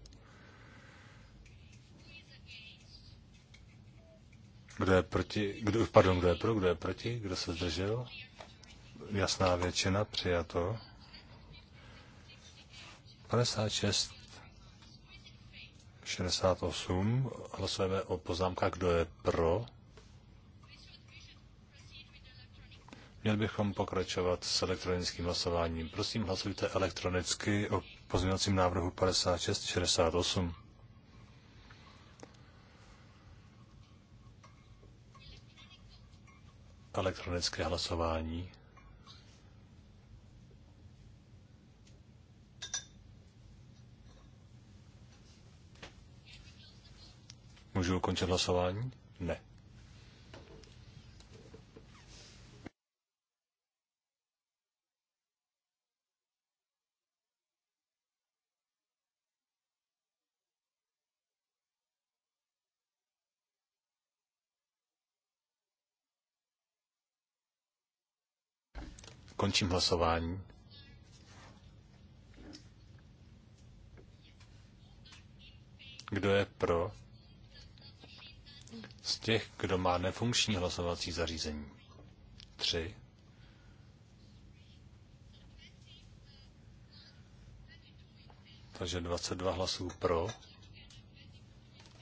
Kdo je proti, kdo, pardon, kdo je pro, kdo je proti, kdo se zdržel? Jasná většina, přijato. 56, 68. Hlasujeme o poznámkách, kdo je pro. Měli bychom pokračovat s elektronickým hlasováním. Prosím, hlasujte elektronicky o pozměňovacím návrhu 56, 68. Elektronické hlasování. Můžu ukončit hlasování? Ne. Končím hlasování. Kdo je pro? z těch, kdo má nefunkční hlasovací zařízení. 3. Takže 22 hlasů pro.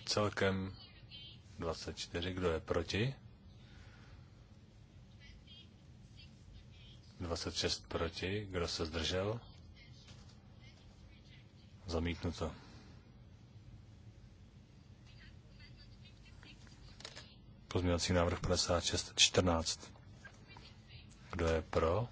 Celkem 24, kdo je proti. 26 proti, kdo se zdržel. Zamítnuto. pozměňovací návrh 56.14. Kdo je pro?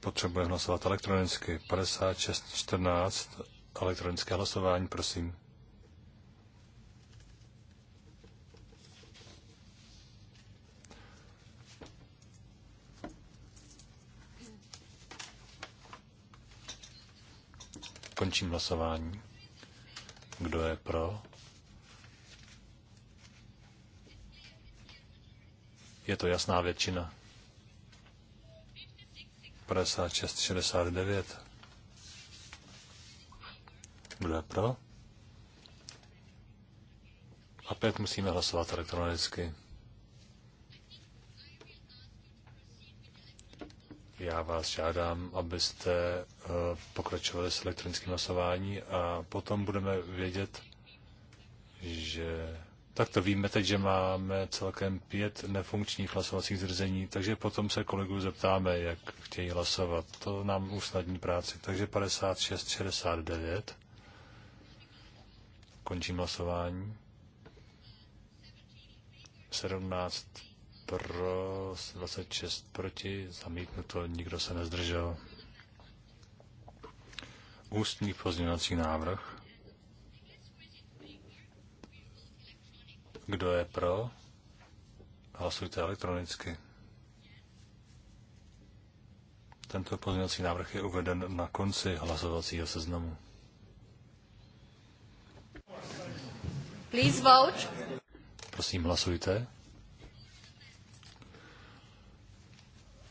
Potřebuje hlasovat elektronicky. 56.14. Elektronické hlasování, prosím. Končím hlasování. Kdo je pro? Je to jasná většina. 56, 69. Kdo je pro? A pět musíme hlasovat elektronicky. vás žádám, abyste eh, pokračovali s elektronickým hlasování a potom budeme vědět, že tak to víme teď, že máme celkem pět nefunkčních hlasovacích zřízení, takže potom se kolegů zeptáme, jak chtějí hlasovat. To nám usnadní práci. Takže 56, 69. Končím hlasování. 17 pro, 26 proti, zamítnuto, nikdo se nezdržel. Ústní pozměňovací návrh. Kdo je pro? Hlasujte elektronicky. Tento pozměňovací návrh je uveden na konci hlasovacího seznamu.
Please vote.
Prosím, hlasujte.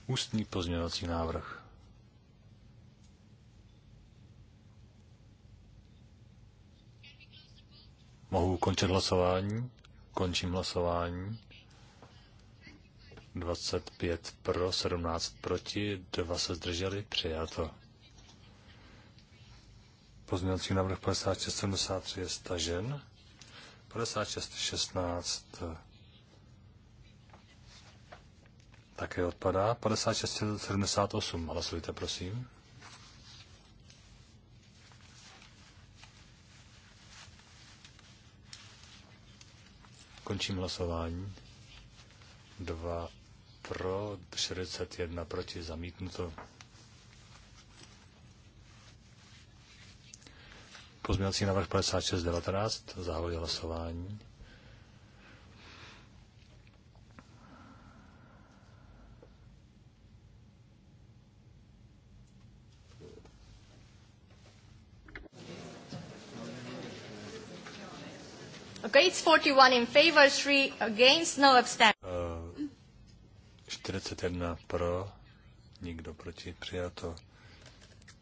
ústní pozměňovací návrh. Mohu ukončit hlasování? Končím hlasování. 25 pro, 17 proti, 2 se zdrželi, přijato. Pozměňovací návrh 5673 je stažen. 5616 také odpadá. 56.78, Hlasujte, prosím. Končím hlasování. 2 pro, 41 proti, zamítnuto. Pozměňovací návrh 5619, zahajuji hlasování.
Okay, it's 41 in favor, 3 against, no abstention.
Uh, 41 pro, nikdo proti, přijato.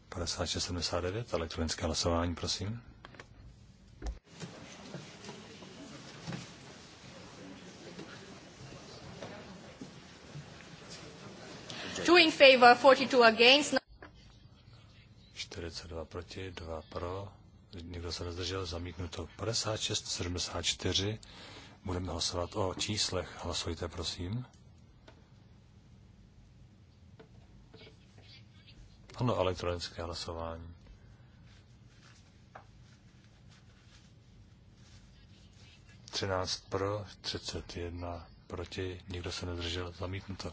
56,79, elektronické hlasování, prosím. Two in
favor, 42 against. No...
42 proti, 2 pro, někdo se nezdržel, zamítnuto 56, 74. Budeme hlasovat o číslech. Hlasujte, prosím. Ano, elektronické hlasování. Třináct pro, třicet jedna proti, nikdo se nedržel, zamítnuto.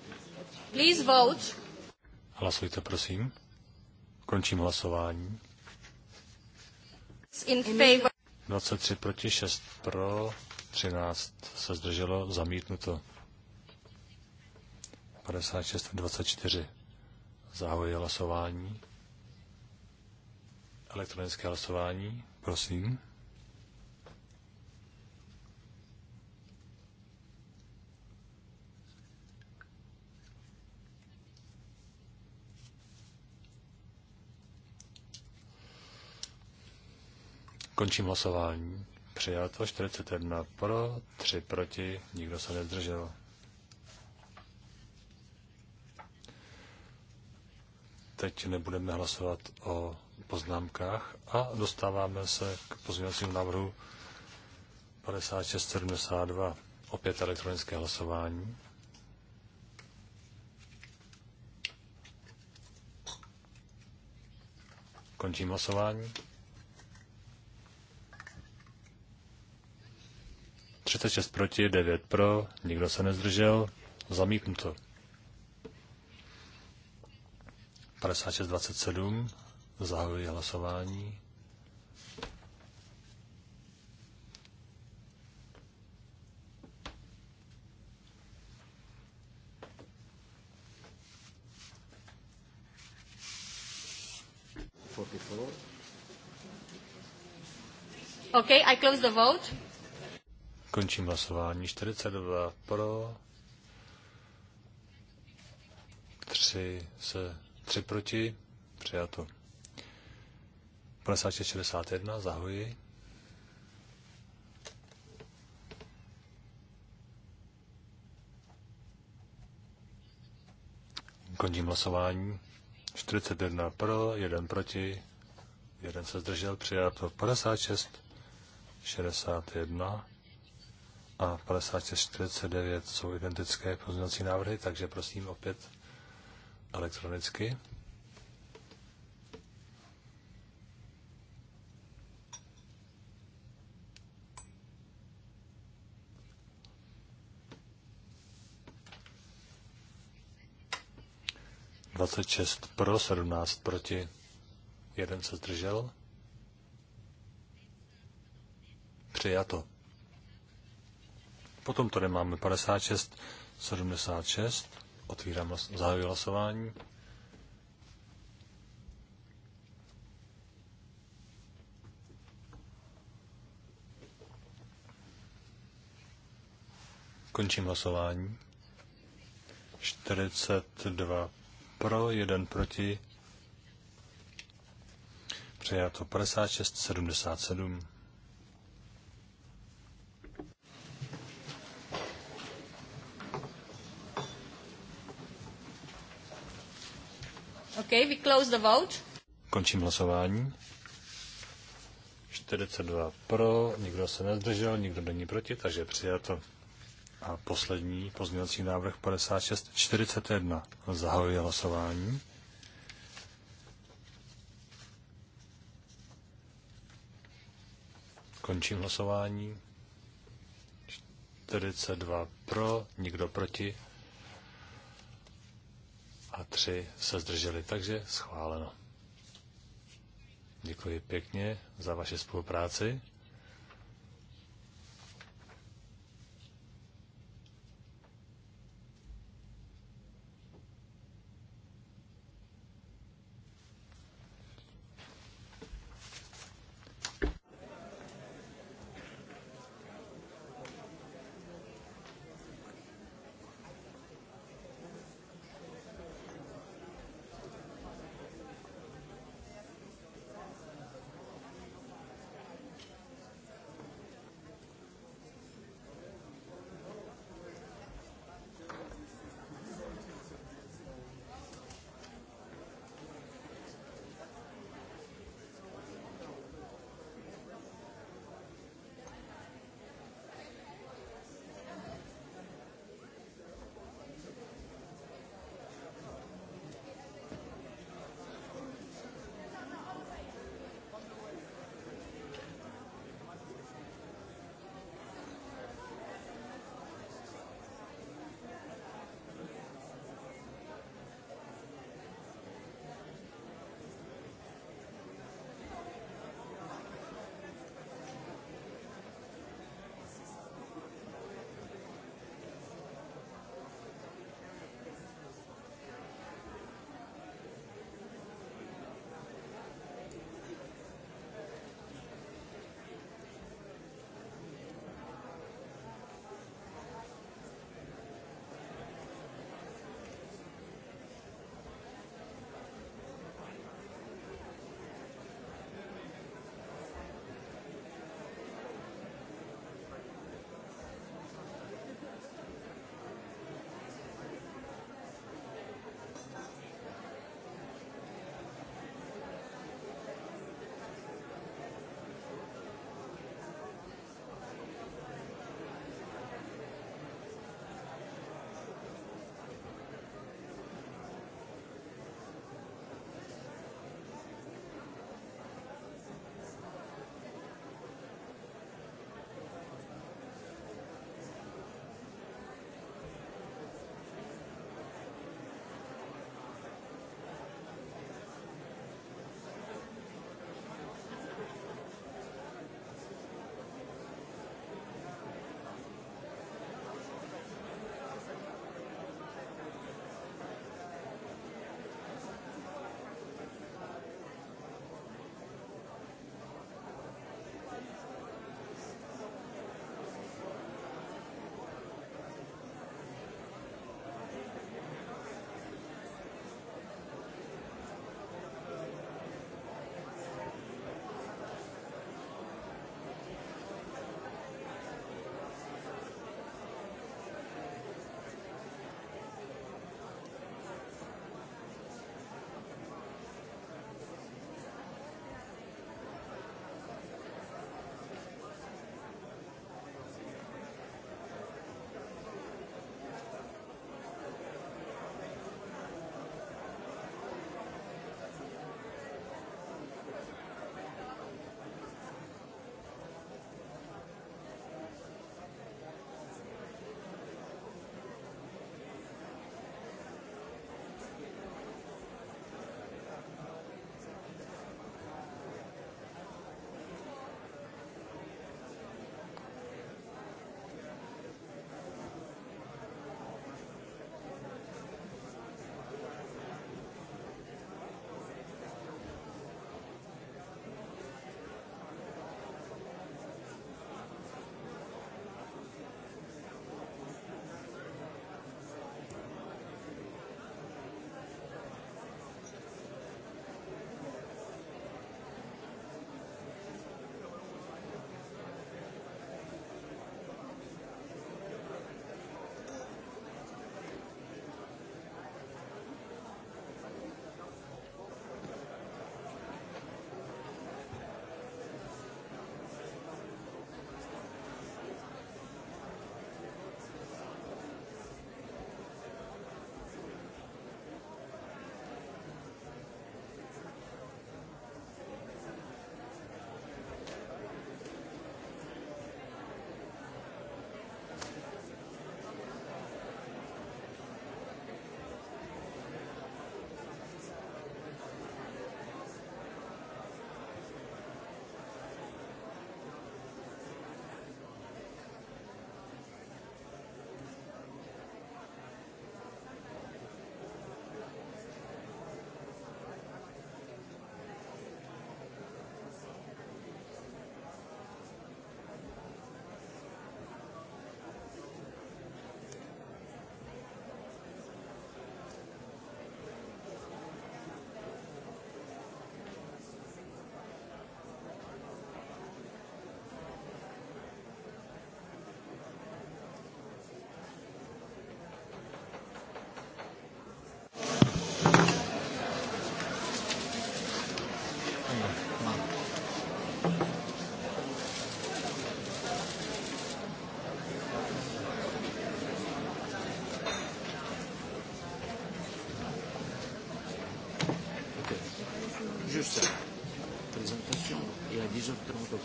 Please vote.
Hlasujte, prosím. Končím hlasování.
In favor.
23 proti 6 pro, 13 se zdrželo, zamítnuto. 56 24. Zahajuji hlasování. Elektronické hlasování, prosím. Končím hlasování. Přijato 41 pro, 3 proti, nikdo se nezdržel. Teď nebudeme hlasovat o poznámkách a dostáváme se k pozměňovacímu návrhu 5672. Opět elektronické hlasování. Končím hlasování. 36 proti, 9 pro, nikdo se nezdržel, zamítnuto. 56.27, zahajuji hlasování.
Okay, I close the vote.
Končím hlasování. 42 pro, 3 se 3 proti, přijato. 5661, zahoji. Končím hlasování. 41 pro, 1 proti, 1 se zdržel, přijato. 56, 61 a 5649 jsou identické pozměňovací návrhy, takže prosím opět elektronicky. šest pro, 17 proti, jeden se zdržel. Přijato. Potom tady máme 56, 76. Otvírám, zahajuji hlasování. Končím hlasování. 42 pro, 1 proti. Přijato 56, 77.
Okay, we close the vote.
Končím hlasování. 42 pro, nikdo se nezdržel, nikdo není proti, takže přijato. A poslední pozměňovací návrh 56 41. Zahajuji hlasování. Končím hlasování. 42 pro, nikdo proti, a tři se zdrželi, takže schváleno. Děkuji pěkně za vaši spolupráci.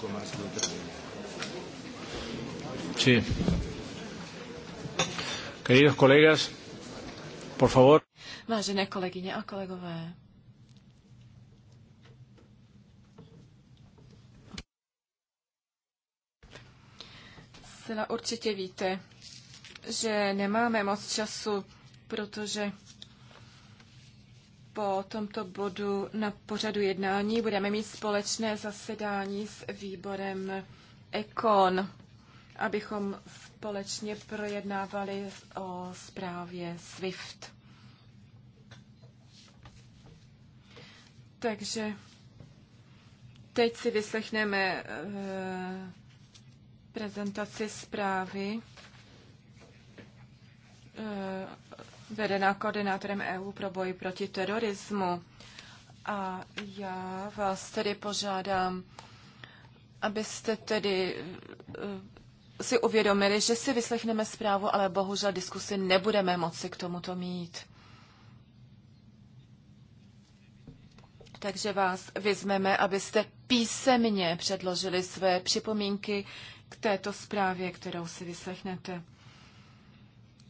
Jako sí. Queridos colegas, por favor.
Vážené kolegyně a kolegové. Zcela určitě víte, že nemáme moc času, protože po tomto bodu na pořadu jednání budeme mít společné zasedání s výborem Ekon, abychom společně projednávali o zprávě SWIFT. Takže teď si vyslechneme eh, prezentaci zprávy eh, vedená koordinátorem EU pro boj proti terorismu. A já vás tedy požádám, abyste tedy eh, si uvědomili, že si vyslechneme zprávu, ale bohužel diskusy nebudeme moci k tomuto mít. Takže vás vyzmeme, abyste písemně předložili své připomínky k této zprávě, kterou si vyslechnete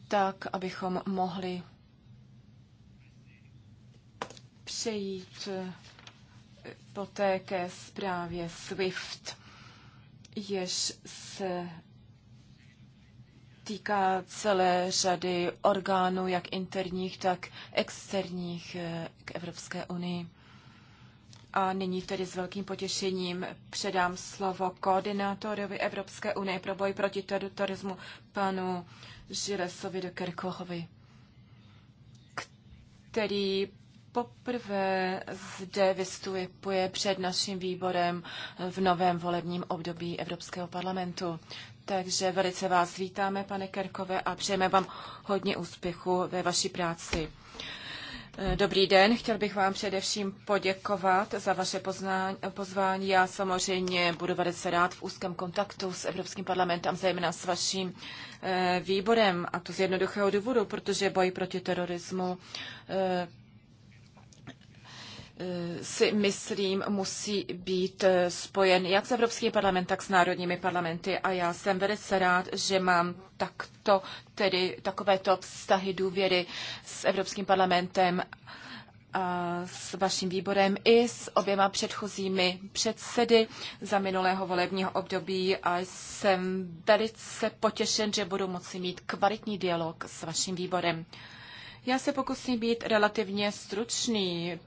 tak abychom mohli přejít eh, poté ke zprávě SWIFT, jež se týká celé řady orgánů, jak interních, tak externích eh, k Evropské unii. A nyní tedy s velkým potěšením předám slovo koordinátorovi Evropské unie pro boj proti terorismu, panu Žiresovi do Kerkochovi, který poprvé zde vystupuje před naším výborem v novém volebním období Evropského parlamentu. Takže velice vás vítáme, pane Kerkové, a přejeme vám hodně úspěchu ve vaší práci. Eh, dobrý den, chtěl bych vám především poděkovat za vaše poznání, pozvání. Já samozřejmě budu velice rád v úzkém kontaktu s Evropským parlamentem, zejména s vaším eh, výborem, a to z jednoduchého důvodu, protože boj proti terorismu eh, si myslím, musí být eh, spojen jak s Evropským parlamentem, tak s národními parlamenty. A já jsem velice rád, že mám takto, tedy takovéto vztahy důvěry s Evropským parlamentem a s vaším výborem i s oběma předchozími předsedy za minulého volebního období a jsem velice potěšen, že budu moci mít kvalitní dialog s vaším výborem. Já se pokusím být relativně stručný,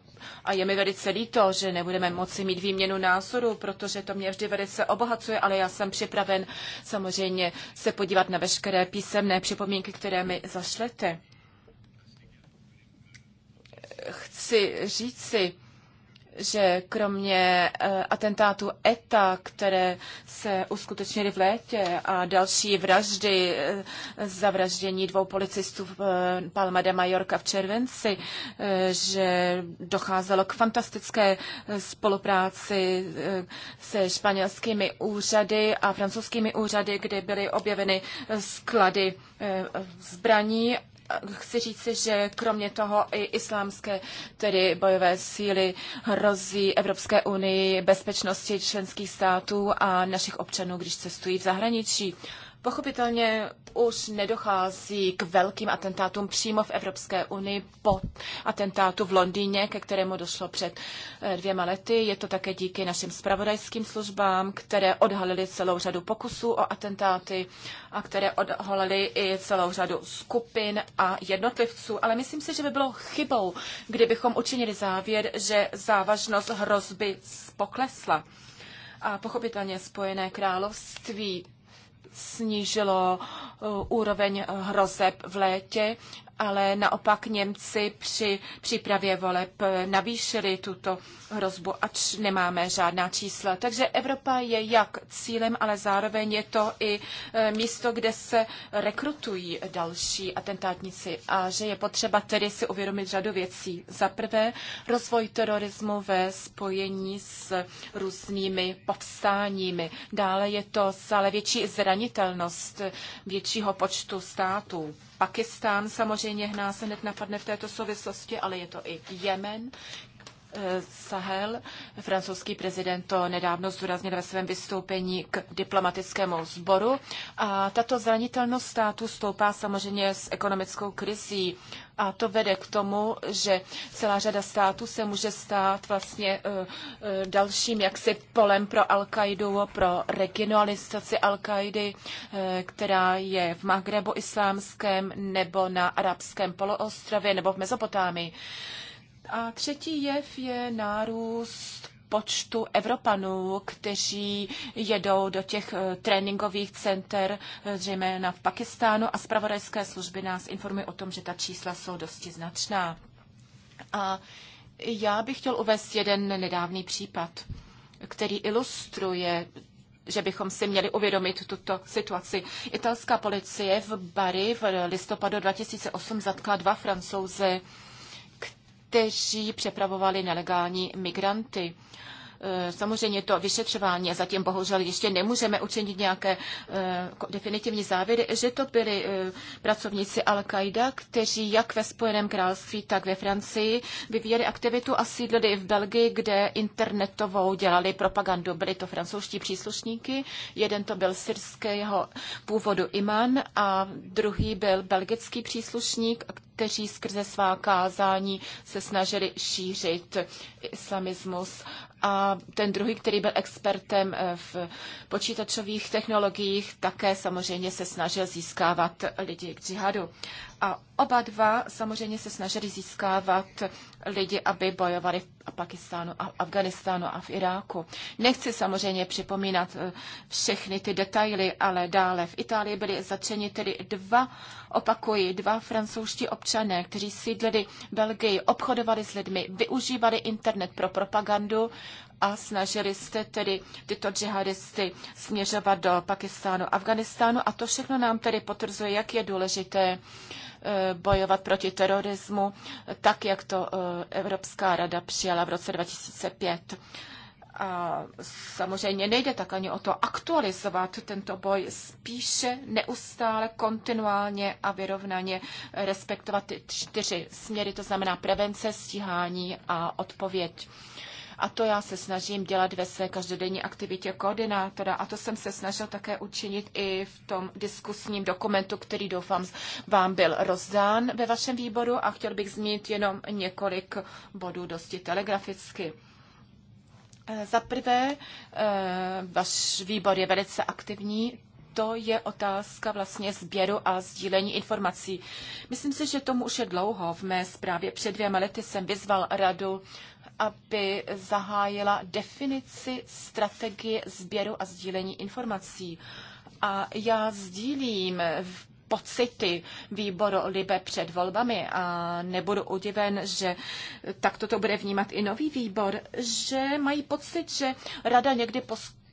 a je mi velice líto, že nebudeme moci mít výměnu názoru, protože to mě vždy velice obohacuje, ale já jsem připraven samozřejmě se podívat na veškeré písemné připomínky, které mi zašlete. Chci říci, že kromě eh, atentátu ETA, které se uskutečnily v létě a další vraždy, eh, zavraždění dvou policistů v eh, Palma de Mallorca v červenci, že docházelo k fantastické spolupráci se španělskými úřady a francouzskými úřady, kde byly objeveny sklady zbraní chci říci, že kromě toho i islámské, tedy bojové síly, hrozí Evropské unii bezpečnosti členských států a našich občanů, když cestují v zahraničí. Pochopitelně už nedochází k velkým atentátům přímo v Evropské unii po atentátu v Londýně, ke kterému došlo před eh, dvěma lety. Je to také díky našim spravodajským službám, které odhalily celou řadu pokusů o atentáty a které odhalily i celou řadu skupin a jednotlivců. Ale myslím si, že by bylo chybou, kdybychom učinili závěr, že závažnost hrozby poklesla. A pochopitelně Spojené království snížilo uh, úroveň hrozeb v létě ale naopak Němci při přípravě voleb eh, navýšili tuto hrozbu, ač nemáme žádná čísla. Takže Evropa je jak cílem, ale zároveň je to i eh, místo, kde se rekrutují další atentátníci a že je potřeba tedy si uvědomit řadu věcí. Za prvé, rozvoj terorismu ve spojení s různými povstáními. Dále je to stále větší zranitelnost většího počtu států. Pakistán samozřejmě nás hned napadne v této souvislosti, ale je to i Jemen, Eh, Sahel. Francouzský prezident to nedávno zdůraznil ve svém vystoupení k diplomatickému sboru. A tato zranitelnost státu stoupá samozřejmě s ekonomickou krizí. A to vede k tomu, že celá řada států se může stát vlastně eh, eh, dalším jaksi polem pro al kaidu pro regionalizaci al kaidy která je v Magrebu islámském nebo na arabském poloostrově nebo v Mezopotámii. A třetí jev je nárůst počtu Evropanů, kteří jedou do těch eh, tréninkových center, eh, zřejmě v Pakistánu, a zpravodajské služby nás informují o tom, že ta čísla jsou dosti značná. A já bych chtěl uvést jeden nedávný případ, který ilustruje že bychom si měli uvědomit tuto situaci. Italská policie v Bari v listopadu 2008 zatkla dva francouze, kteří přepravovali nelegální migranty. Eh, samozřejmě to vyšetřování a zatím bohužel ještě nemůžeme učinit nějaké eh, definitivní závěry, že to byli eh, pracovníci Al-Qaida, kteří jak ve Spojeném království, tak ve Francii vyvíjeli aktivitu a sídlili v Belgii, kde internetovou dělali propagandu. Byli to francouzští příslušníky, jeden to byl syrského původu Iman a druhý byl belgický příslušník, kteří skrze svá kázání se snažili šířit islamismus a ten druhý, který byl expertem eh, v počítačových technologiích, také samozřejmě se snažil získávat lidi k džihadu. A oba dva samozřejmě se snažili získávat lidi, aby bojovali v Pakistánu, a Afganistánu a v Iráku. Nechci samozřejmě připomínat eh, všechny ty detaily, ale dále v Itálii byli zatčeni tedy dva, opakuji, dva francouzští občané, kteří sídlili v Belgii, obchodovali s lidmi, využívali internet pro propagandu a snažili se tedy tyto džihadisty směřovat do Pakistánu, Afganistánu a to všechno nám tedy potvrzuje, jak je důležité uh, Eh, bojovat proti terorismu, tak jak to eh, Evropská rada přijala v roce 2005. A samozřejmě nejde tak ani o to aktualizovat tento boj, spíše neustále, kontinuálně a vyrovnaně respektovat ty čtyři směry, to znamená prevence, stíhání a odpověď. A to já se snažím dělat ve své každodenní aktivitě koordinátora a to jsem se snažil také učinit i v tom diskusním dokumentu, který doufám vám byl rozdán ve vašem výboru a chtěl bych zmínit jenom několik bodů dosti telegraficky. Eh, za prvé, eh, váš výbor je velice aktivní, to je otázka vlastně sběru a sdílení informací. Myslím si, že tomu už je dlouho. V mé zprávě před dvěma lety jsem vyzval radu aby zahájila definici strategie sběru a sdílení informací. A já sdílím v pocity výboru Libe před volbami a nebudu udiven, že takto to bude vnímat i nový výbor, že mají pocit, že rada někdy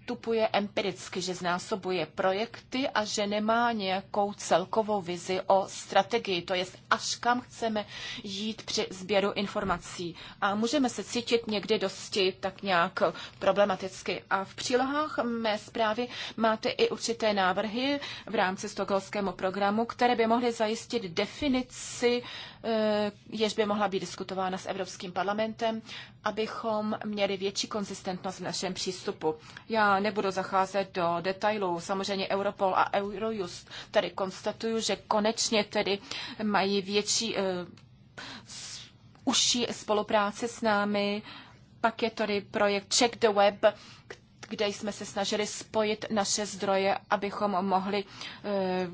postupuje empiricky, že znásobuje projekty a že nemá nějakou celkovou vizi o strategii, to je až kam chceme jít při sběru informací. A můžeme se cítit někdy dosti tak nějak problematicky. A v přílohách mé zprávy máte i určité návrhy v rámci stokholského programu, které by mohly zajistit definici Eh, jež by mohla být diskutována s Evropským parlamentem, abychom měli větší konzistentnost v našem přístupu. Já nebudu zacházet do detailů, samozřejmě Europol a Eurojust. Tady konstatuju, že konečně tedy mají větší eh, užší spolupráce s námi. Pak je tady projekt Check the Web, kde jsme se snažili spojit naše zdroje, abychom mohli eh,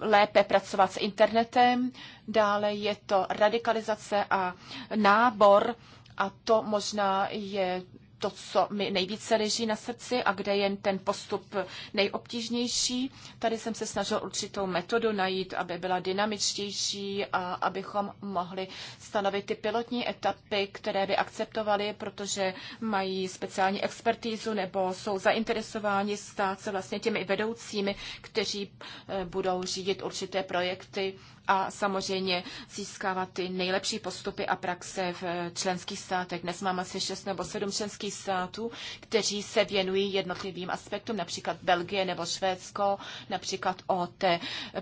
lépe pracovat s internetem, dále je to radikalizace a nábor a to možná je to, co mi nejvíce leží na srdci a kde je ten postup nejobtížnější. Tady jsem se snažil určitou metodu najít, aby byla dynamičtější a abychom mohli stanovit ty pilotní etapy, které by akceptovali, protože mají speciální expertízu nebo jsou zainteresováni stát se vlastně těmi vedoucími, kteří eh, budou řídit určité projekty a samozřejmě získávat ty nejlepší postupy a praxe v eh, členských státech. Dnes máme asi 6 nebo 7 členských států, kteří se věnují jednotlivým aspektům, například Belgie nebo Švédsko, například o té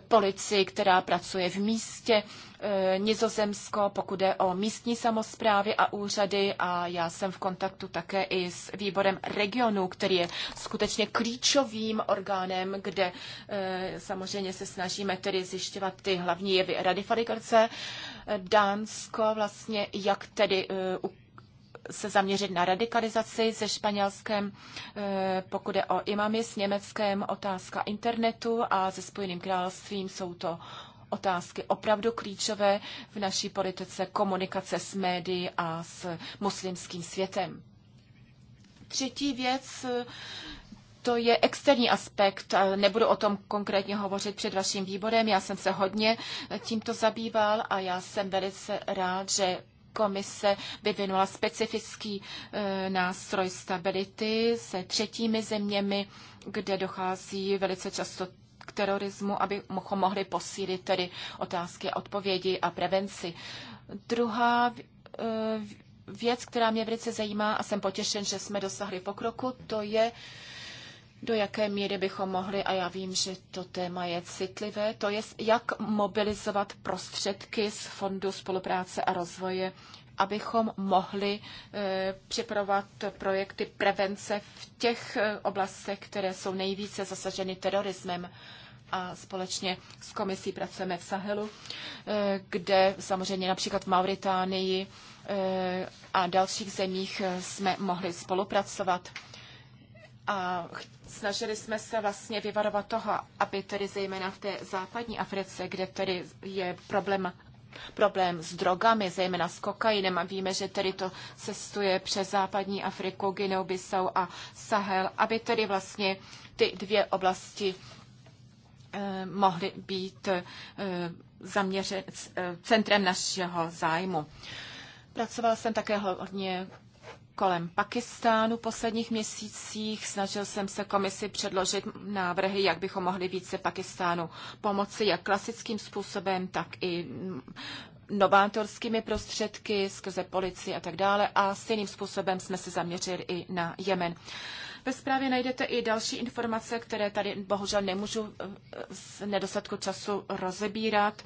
policii, která pracuje v místě Eh, Nizozemsko, pokud jde o místní samozprávy a úřady a já jsem v kontaktu také i s výborem regionu, který je skutečně klíčovým orgánem, kde eh, samozřejmě se snažíme tedy zjišťovat ty hlavní jevy radifalikace. Dánsko vlastně, jak tedy eh, se zaměřit na radikalizaci se Španělskem, pokud je o imamy, s Německém, otázka internetu a se Spojeným královstvím jsou to otázky opravdu klíčové v naší politice komunikace s médií a s muslimským světem. Třetí věc, to je externí aspekt, nebudu o tom konkrétně hovořit před vaším výborem, já jsem se hodně tímto zabýval a já jsem velice rád, že komise vyvinula specifický eh, nástroj stability se třetími zeměmi, kde dochází velice často k terorismu, aby mohli posílit tedy otázky odpovědi a prevenci. Druhá eh, věc, která mě velice zajímá a jsem potěšen, že jsme dosahli pokroku, to je do jaké míry bychom mohli, a já vím, že to téma je citlivé, to je, jak mobilizovat prostředky z Fondu spolupráce a rozvoje abychom mohli eh, připravovat projekty prevence v těch eh, oblastech, které jsou nejvíce zasaženy terorismem. A společně s komisí pracujeme v Sahelu, eh, kde samozřejmě například v Mauritánii a dalších zemích jsme mohli spolupracovat. A snažili jsme se vlastně vyvarovat toho, aby tedy zejména v té západní Africe, kde tedy je problém problém s drogami, zejména s kokainem a víme, že tedy to cestuje přes západní Afriku, Guinea Bissau a Sahel, aby tedy vlastně ty dvě oblasti eh, mohly být eh, zaměřen, eh, centrem našeho zájmu. Pracoval jsem také hodně kolem Pakistánu posledních měsících. Snažil jsem se komisi předložit návrhy, jak bychom mohli více Pakistánu pomoci, jak klasickým způsobem, tak i novátorskými prostředky skrze policii a tak dále. A stejným způsobem jsme se zaměřili i na Jemen. Ve zprávě najdete i další informace, které tady bohužel nemůžu eh, z nedostatku času rozebírat.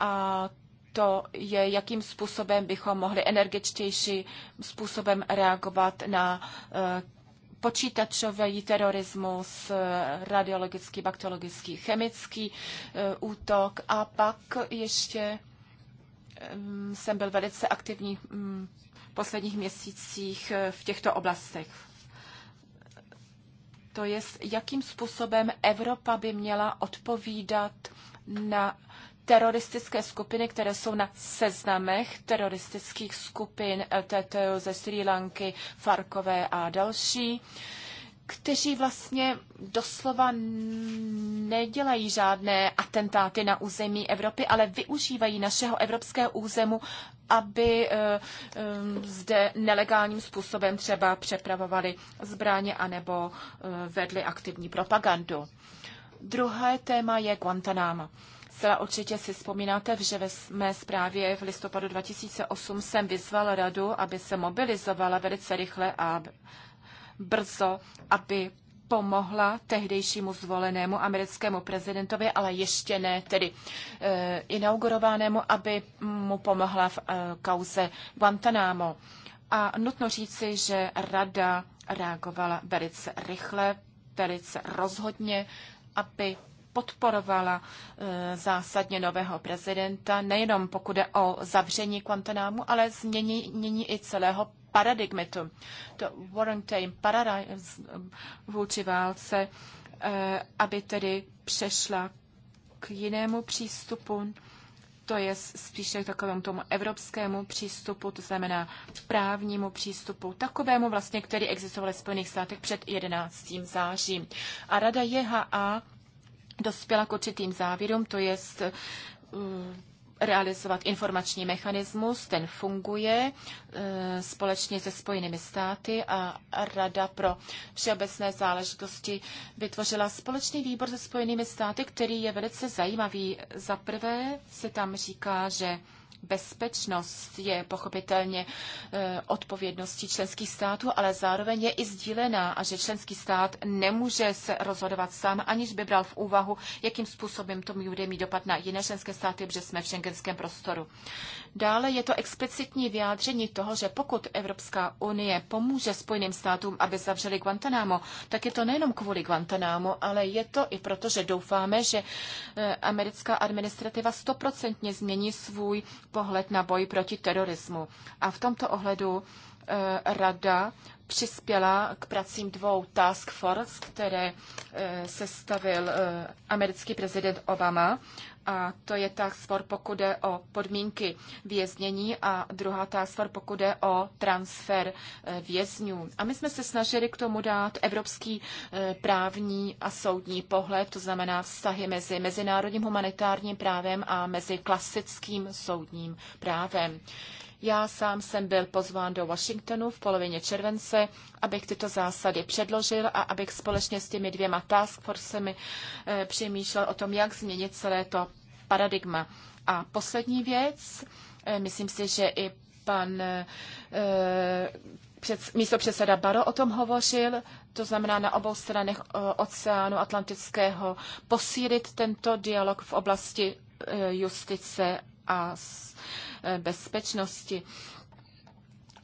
A to je, jakým způsobem bychom mohli energičtější způsobem reagovat na eh, počítačový terorismus, eh, radiologický, bakteriologický, chemický eh, útok a pak ještě mm, jsem byl velice aktivní mm, v posledních měsících v těchto oblastech. To je, jakým způsobem Evropa by měla odpovídat na teroristické skupiny, které jsou na seznamech teroristických skupin LTTO ze Sri Lanky, Farkové a další, kteří vlastně doslova nedělají žádné atentáty na území Evropy, ale využívají našeho evropského územu, aby eh, eh, zde nelegálním způsobem třeba přepravovali zbraně anebo eh, vedli aktivní propagandu. Druhé téma je Guantanamo. Zcela určitě si vzpomínáte, že ve mé zprávě v listopadu 2008 jsem vyzval radu, aby se mobilizovala velice rychle a brzo, aby pomohla tehdejšímu zvolenému americkému prezidentovi, ale ještě ne tedy e, inaugurovanému, aby mu pomohla v e, kauze Guantanamo. A nutno říci, že rada reagovala velice rychle, velice rozhodně, aby podporovala eh, zásadně nového prezidenta, nejenom pokud je o zavření Guantanámu, ale změnění i celého paradigmetu. To Warren paradigm eh, vůči válce, eh, aby tedy přešla k jinému přístupu, to je spíše k takovému tomu evropskému přístupu, to znamená právnímu přístupu, takovému vlastně, který existoval ve Spojených státech před 11. zářím. A Rada JHA dospěla k určitým závěrům, to je eh, realizovat informační mechanismus, ten funguje eh, společně se Spojenými státy a Rada pro všeobecné záležitosti vytvořila společný výbor se Spojenými státy, který je velice zajímavý. Za prvé se tam říká, že Bezpečnost je pochopitelně e, odpovědností členských států, ale zároveň je i sdílená a že členský stát nemůže se rozhodovat sám, aniž by bral v úvahu, jakým způsobem to bude mít dopad na jiné členské státy, protože jsme v šengenském prostoru. Dále je to explicitní vyjádření toho, že pokud Evropská unie pomůže Spojeným státům, aby zavřeli Guantanamo, tak je to nejenom kvůli Guantanamo, ale je to i proto, že doufáme, že e, americká administrativa stoprocentně změní svůj pohled na boj proti terorismu. A v tomto ohledu eh, rada přispěla k pracím dvou task force, které eh, sestavil eh, americký prezident Obama a to je ta svor pokud jde o podmínky věznění a druhá ta svor pokud jde o transfer eh, vězňů. A my jsme se snažili k tomu dát evropský eh, právní a soudní pohled, to znamená vztahy mezi mezinárodním humanitárním právem a mezi klasickým soudním právem. Já sám jsem byl pozván do Washingtonu v polovině července, abych tyto zásady předložil a abych společně s těmi dvěma task forcemi eh, přemýšlel o tom, jak změnit celé to paradigma. A poslední věc, eh, myslím si, že i pan eh, před, místo předseda Baro o tom hovořil, to znamená na obou stranách oceánu Atlantického posílit tento dialog v oblasti justice a e, bezpečnosti.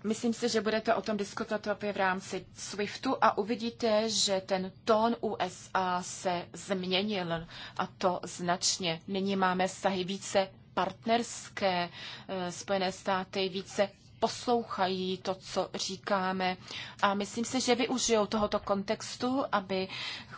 Myslím si, že budete o tom diskutovat v rámci SWIFTu a uvidíte, že ten tón USA se změnil a to značně. Nyní máme vztahy více partnerské. E, Spojené státy více poslouchají to, co říkáme. A myslím si, že využijou tohoto kontextu, aby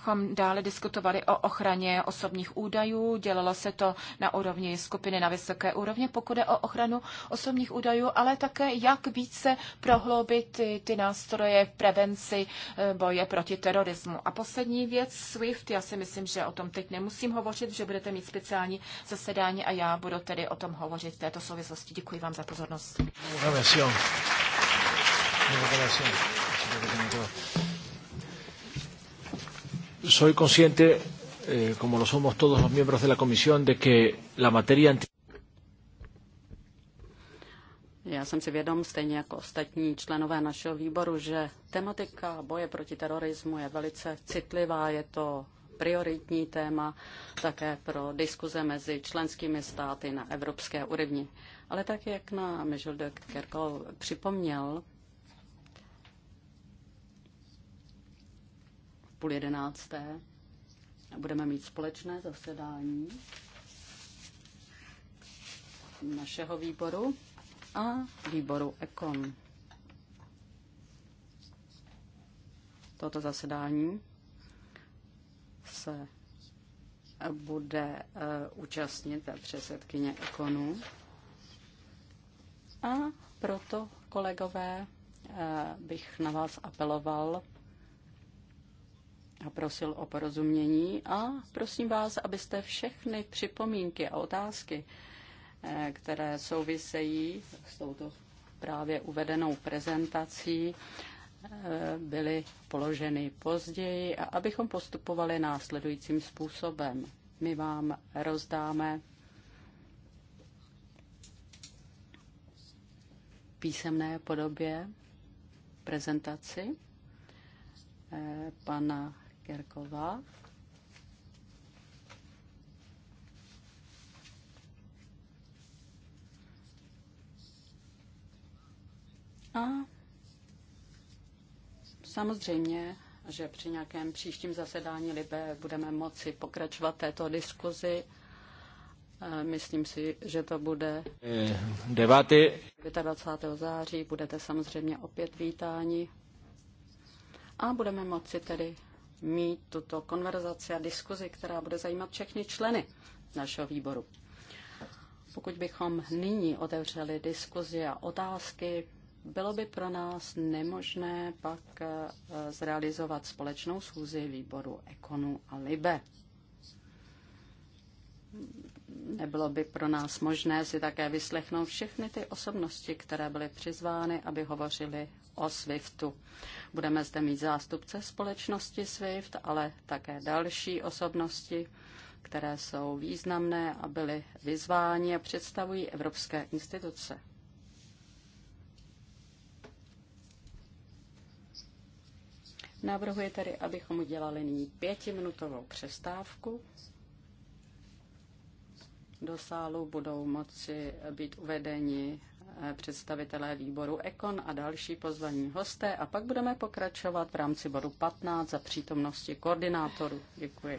abychom dále diskutovali o ochraně osobních údajů. Dělalo se to na úrovni skupiny na vysoké úrovni, pokud je o ochranu osobních údajů, ale také jak více prohloubit ty, ty nástroje v prevenci eh, boje proti terorismu. A poslední věc, SWIFT, já si myslím, že o tom teď nemusím hovořit, že budete mít speciální zasedání a já budu tedy o tom hovořit v této souvislosti. Děkuji vám za pozornost.
Gracias. Soy consciente, eh, como lo somos todos los miembros de la Comisión, de que la materia
já jsem si vědom, stejně jako ostatní členové našeho výboru, že tematika boje proti terorismu je velice citlivá, je to prioritní téma také pro diskuze mezi členskými státy na evropské úrovni. Ale tak, jak nám Žildek Kerkov připomněl, půl jedenácté budeme mít společné zasedání našeho výboru a výboru Ekon. Toto zasedání se bude eh, účastnit předsedkyně Ekonu a proto, kolegové, eh, bych na vás apeloval, a prosil o porozumění a prosím vás, abyste všechny připomínky a otázky, eh, které souvisejí s touto právě uvedenou prezentací, eh, byly položeny později a abychom postupovali následujícím způsobem. My vám rozdáme písemné podobě prezentaci eh, pana Kirkova. A samozřejmě, že při nějakém příštím zasedání Libe budeme moci pokračovat této diskuzi. E, myslím si, že to bude
eh, debaty.
25. září budete samozřejmě opět vítáni a budeme moci tedy mít tuto konverzaci a diskuzi, která bude zajímat všechny členy našeho výboru. Pokud bychom nyní otevřeli diskuzi a otázky, bylo by pro nás nemožné pak eh, zrealizovat společnou schůzi výboru Ekonu a Libe nebylo by pro nás možné si také vyslechnout všechny ty osobnosti, které byly přizvány, aby hovořili o SWIFTu. Budeme zde mít zástupce společnosti SWIFT, ale také další osobnosti, které jsou významné a byly vyzváni a představují evropské instituce. Navrhuji tedy, abychom udělali nyní pětiminutovou přestávku do sálu budou moci být uvedeni eh, představitelé výboru Ekon a další pozvaní hosté a pak budeme pokračovat v rámci bodu 15 za přítomnosti koordinátorů. Děkuji.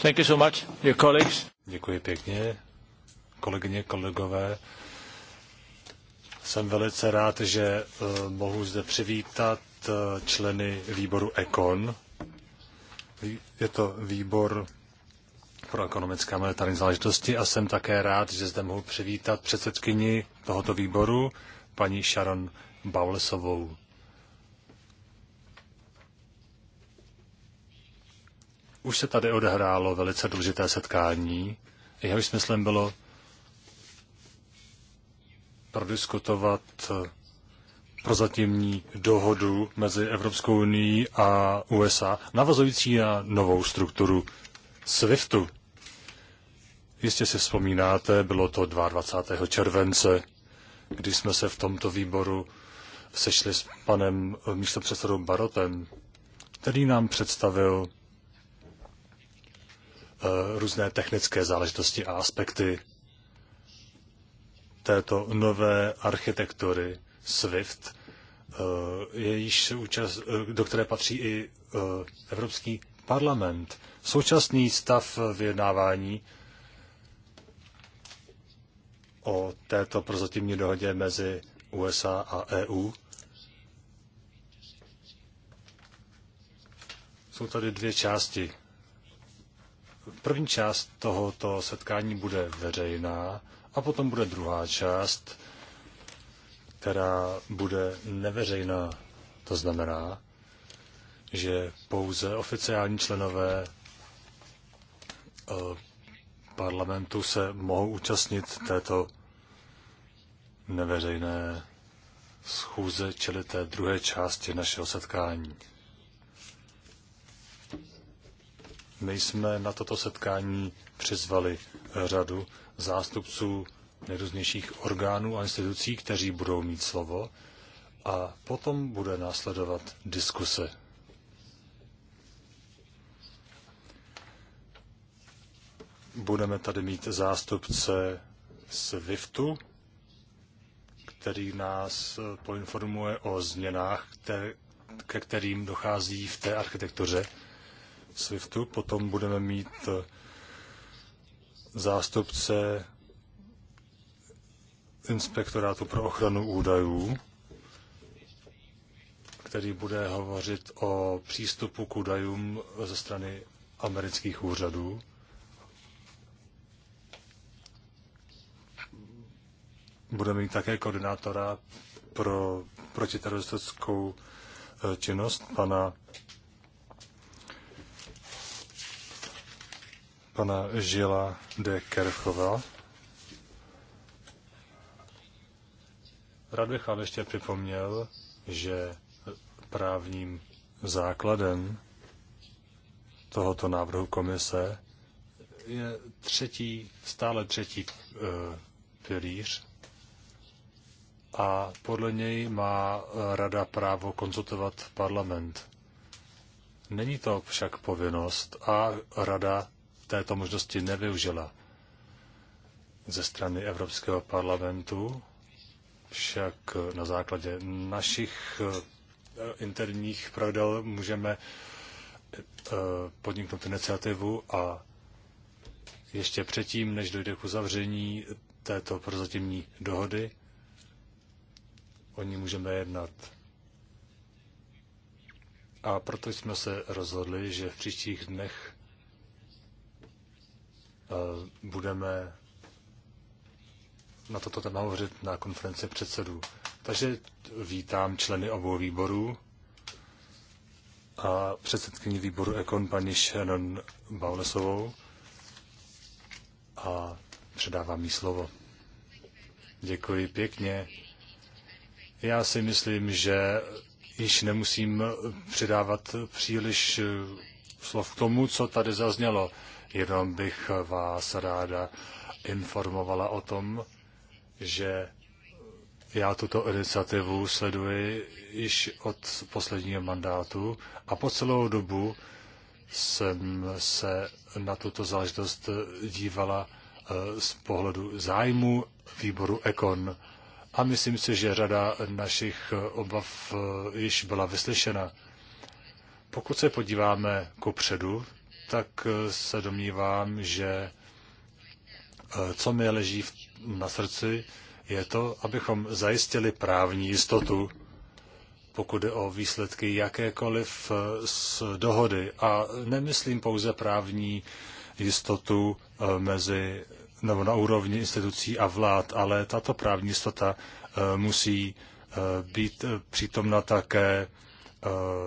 Thank you so much, dear colleagues. Děkuji pěkně, kolegyně, kolegové. Jsem velice rád, že eh, mohu zde přivítat eh, členy výboru ECON. Je to výbor pro ekonomické a monetární záležitosti a jsem také rád, že zde mohu přivítat předsedkyni tohoto výboru, paní Sharon Baulesovou. Už se tady odehrálo velice důležité setkání. Jehož smyslem bylo prodiskutovat eh, prozatímní dohodu mezi Evropskou unii a USA, navazující na novou strukturu SWIFTu. Jistě si vzpomínáte, bylo to 22. července, kdy jsme se v tomto výboru sešli s panem místopředsedou Barotem, který nám představil Eh, různé technické záležitosti a aspekty této nové architektury SWIFT, eh, jejíž účast, eh, do které patří i Evropský parlament. Současný stav vyjednávání o této prozatímní dohodě mezi USA a EU. Jsou tady dvě části první část tohoto setkání bude veřejná a potom bude druhá část, která bude neveřejná. To znamená, že pouze oficiální členové eh, parlamentu se mohou účastnit této neveřejné schůze, čili té druhé části našeho setkání. My jsme na toto setkání přizvali eh, řadu zástupců nejrůznějších orgánů a institucí, kteří budou mít slovo a potom bude následovat diskuse. Budeme tady mít zástupce SWIFTu, který nás eh, poinformuje o změnách, které, ke kterým dochází v té architektuře SWIFTu, potom budeme mít eh, zástupce inspektorátu pro ochranu údajů, který bude hovořit o přístupu k údajům ze strany amerických úřadů. Budeme mít také koordinátora pro protiteroristickou eh, činnost, pana pana Žila de Kerchova. Rád bych ale ještě připomněl, že právním základem tohoto návrhu komise je třetí, stále třetí eh, pilíř a podle něj má rada právo konzultovat parlament. Není to však povinnost a rada této možnosti nevyužila ze strany Evropského parlamentu, však na základě našich eh, interních pravidel můžeme eh, podniknout iniciativu a ještě předtím, než dojde k uzavření této prozatímní dohody, o ní můžeme jednat. A proto jsme se rozhodli, že v příštích dnech Eh, budeme na toto téma hovořit na konferenci předsedů. Takže vítám členy obou výborů a předsedkyni výboru Ekon paní Shannon Baulesovou a předávám jí slovo. Děkuji pěkně. Já si myslím, že již nemusím předávat příliš slov k tomu, co tady zaznělo. Jenom bych vás ráda informovala o tom, že já tuto iniciativu sleduji již od posledního mandátu a po celou dobu jsem se na tuto záležitost dívala eh, z pohledu zájmu výboru Ekon. A myslím si, že řada našich obav eh, již byla vyslyšena. Pokud se podíváme ku předu, tak eh, se domnívám, že eh, co mi leží na srdci, je to, abychom zajistili právní jistotu, pokud je o výsledky jakékoliv eh, z dohody. A nemyslím pouze právní jistotu mezi nebo na úrovni institucí a vlád, ale tato právní jistota musí být přítomna také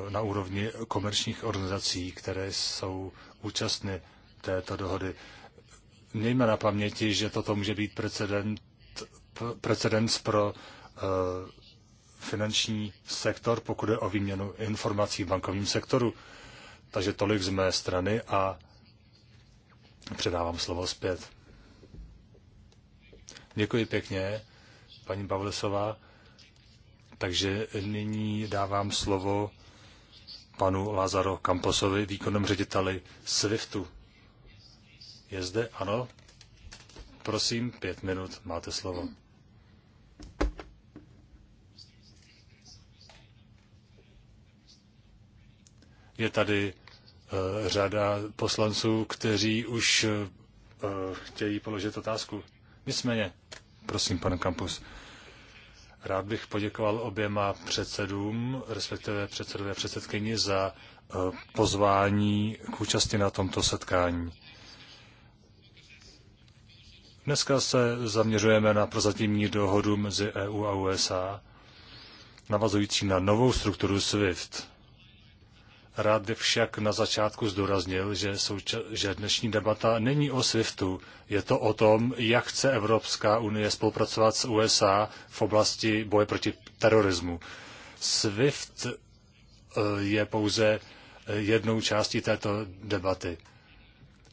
na úrovni komerčních organizací, které jsou účastny této dohody. Mějme na paměti, že toto může být precedent, precedens pro eh, finanční sektor, pokud je o výměnu informací v bankovním sektoru. Takže tolik z mé strany a předávám slovo zpět. Děkuji pěkně, paní Pavlesová. Takže nyní dávám slovo panu Lázaro Camposovi, výkonnému řediteli SWIFTu. Je zde? Ano? Prosím, pět minut, máte slovo. Je tady uh, řada poslanců, kteří už uh, chtějí položit otázku. Nicméně, prosím, pane Kampus. Rád bych poděkoval oběma předsedům, respektive předsedové předsedkyni za eh, pozvání k účasti na tomto setkání. Dneska se zaměřujeme na prozatímní dohodu mezi EU a USA, navazující na novou strukturu SWIFT. Rád bych však na začátku zdůraznil, že, souča- že dnešní debata není o SWIFTu. Je to o tom, jak chce Evropská unie spolupracovat s USA v oblasti boje proti terorismu. SWIFT eh, je pouze eh, jednou částí této debaty.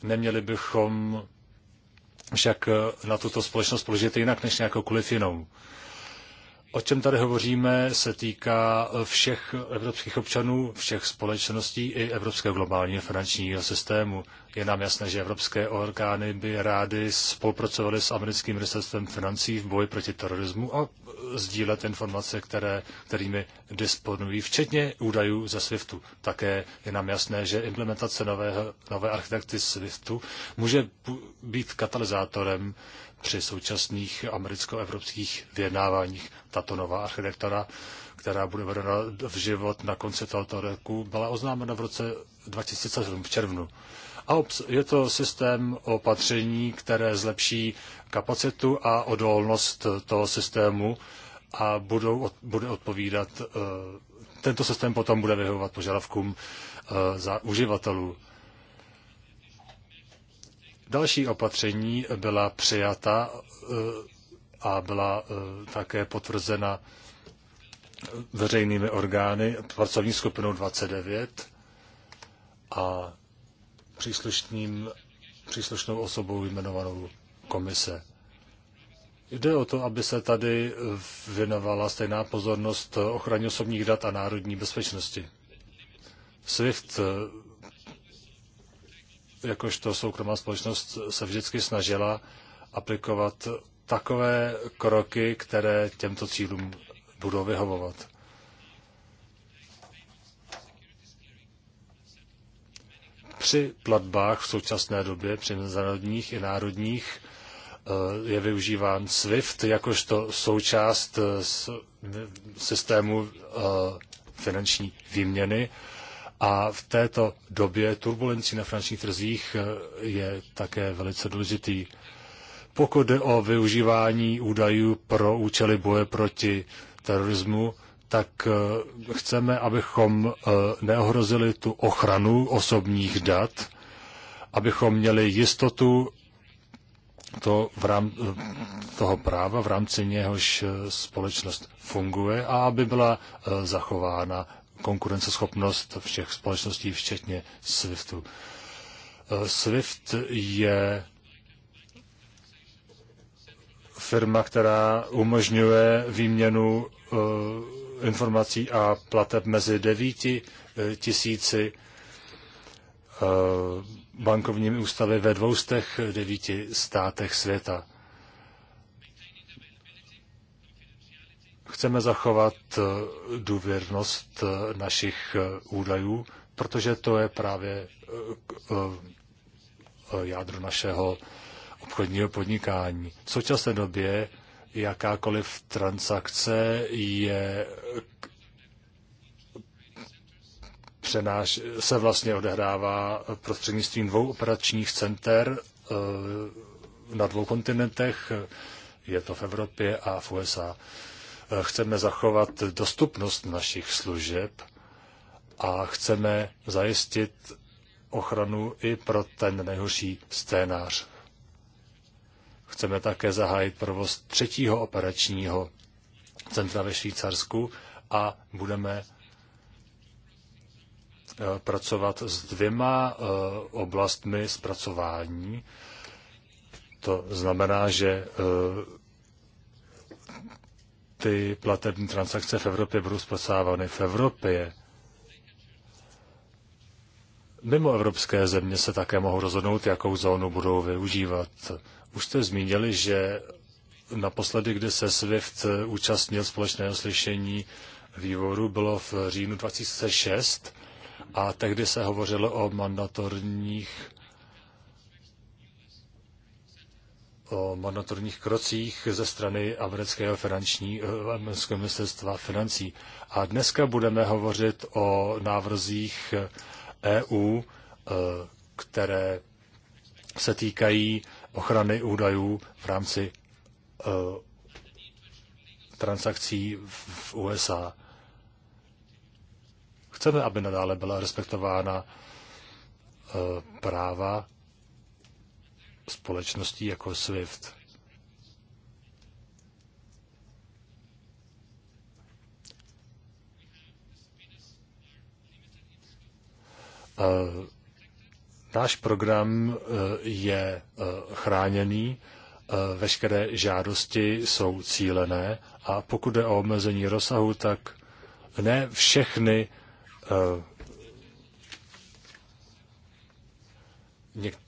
Neměli bychom však eh, na tuto společnost položit jinak než nějakoukoliv jinou o čem tady hovoříme, se týká eh, všech evropských občanů, všech společností i evropského globálního finančního systému. Je nám jasné, že evropské orgány by rády spolupracovaly s americkým ministerstvem financí v boji proti terorismu a eh, sdílet informace, které, kterými disponují, včetně údajů ze SWIFTu. Také je nám jasné, že implementace nového, nové architekty SWIFTu může být katalyzátorem při současných americko-evropských vyjednáváních. Tato nová architektura, která bude vedena v život na konci tohoto roku, byla oznámena v roce 2007 v červnu. A je to systém opatření, které zlepší kapacitu a odolnost toho systému a budou, bude odpovídat, eh, tento systém potom bude vyhovovat požadavkům eh, za uživatelů. Další opatření byla přijata eh, a byla eh, také potvrzena veřejnými orgány, pracovní skupinou 29 a příslušným, příslušnou osobou jmenovanou komise. Jde o to, aby se tady věnovala stejná pozornost ochraně osobních dat a národní bezpečnosti. SWIFT eh, jakožto soukromá společnost se vždycky snažila aplikovat takové kroky, které těmto cílům budou vyhovovat. Při platbách v současné době, při mezinárodních i národních, eh, je využíván SWIFT jakožto součást eh, systému eh, finanční výměny a v této době turbulenci na finančních trzích eh, je také velice důležitý. Pokud jde o využívání údajů pro účely boje proti terorismu, tak eh, chceme, abychom eh, neohrozili tu ochranu osobních dat, abychom měli jistotu to v rám, toho práva, v rámci něhož společnost funguje a aby byla zachována konkurenceschopnost všech společností, včetně SWIFTu. Eh, SWIFT je firma, která umožňuje výměnu eh, informací a plateb mezi devíti eh, tisíci bankovními ústavy ve dvoustech devíti státech světa. Chceme zachovat eh, důvěrnost eh, našich eh, údajů, protože to je právě jádro našeho obchodního podnikání. V současné době jakákoliv transakce je přenáš, se vlastně odehrává prostřednictvím dvou operačních center na dvou kontinentech, je to v Evropě a v USA chceme zachovat dostupnost našich služeb a chceme zajistit ochranu i pro ten nejhorší scénář. Chceme také zahájit provoz třetího operačního centra ve Švýcarsku a budeme eh, pracovat s dvěma eh, oblastmi zpracování. To znamená, že eh, ty platební transakce v Evropě budou zpracovávány v Evropě. Mimo evropské země se také mohou rozhodnout, jakou zónu budou využívat. Už jste zmínili, že naposledy, kdy se SWIFT účastnil společného slyšení výboru, bylo v říjnu 2006 a tehdy se hovořilo o mandatorních o mandatorních krocích ze strany amerického finanční, eh, amerického ministerstva financí. A dneska budeme hovořit o návrzích EU, eh, které se týkají ochrany údajů v rámci eh, transakcí v USA. Chceme, aby nadále byla respektována práva společností jako SWIFT. Eh, náš program eh, je eh, chráněný, veškeré žádosti jsou cílené a pokud je o omezení rozsahu, tak ne všechny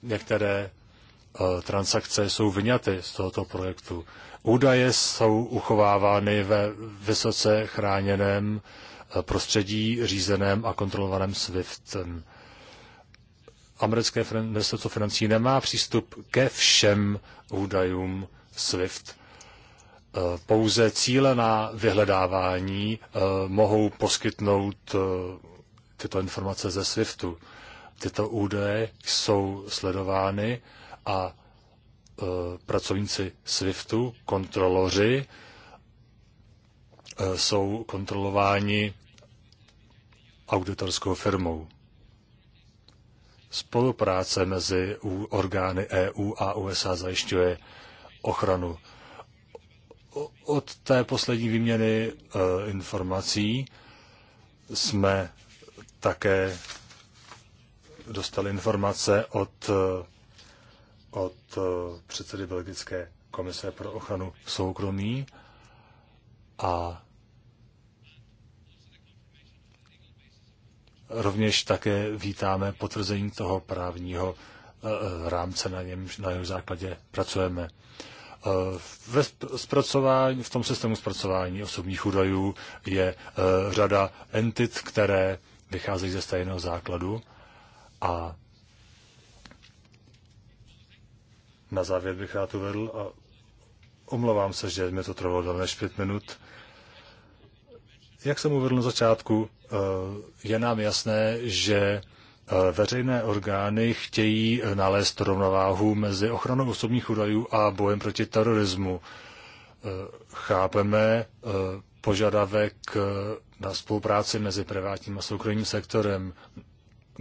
některé E, transakce jsou vyňaty z tohoto projektu. Údaje jsou uchovávány ve vysoce chráněném e, prostředí řízeném a kontrolovaném SWIFTem. Americké ministerstvo financí nemá přístup ke všem údajům SWIFT. E, pouze cíle na vyhledávání mohou poskytnout tyto informace ze SWIFTu. Tyto údaje jsou sledovány a e, pracovníci SWIFTu, kontroloři, e, jsou kontrolováni auditorskou firmou. Spolupráce mezi orgány EU a USA zajišťuje ochranu. Od té poslední výměny e, informací jsme také dostali informace od od eh, předsedy Belgické komise pro ochranu soukromí a rovněž také vítáme potvrzení toho právního eh, rámce, na, něm, na jeho základě pracujeme. Eh, v zpracování, v tom systému zpracování osobních údajů je řada entit, které vycházejí ze stejného základu a Na závěr bych rád uvedl a omlouvám se, že mi to trvalo déle než pět minut. Jak jsem uvedl na začátku, eh, je nám jasné, že eh, veřejné orgány chtějí eh, nalézt rovnováhu mezi ochranou osobních údajů a bojem proti terorismu. Chápeme požadavek na spolupráci mezi privátním a soukromým sektorem.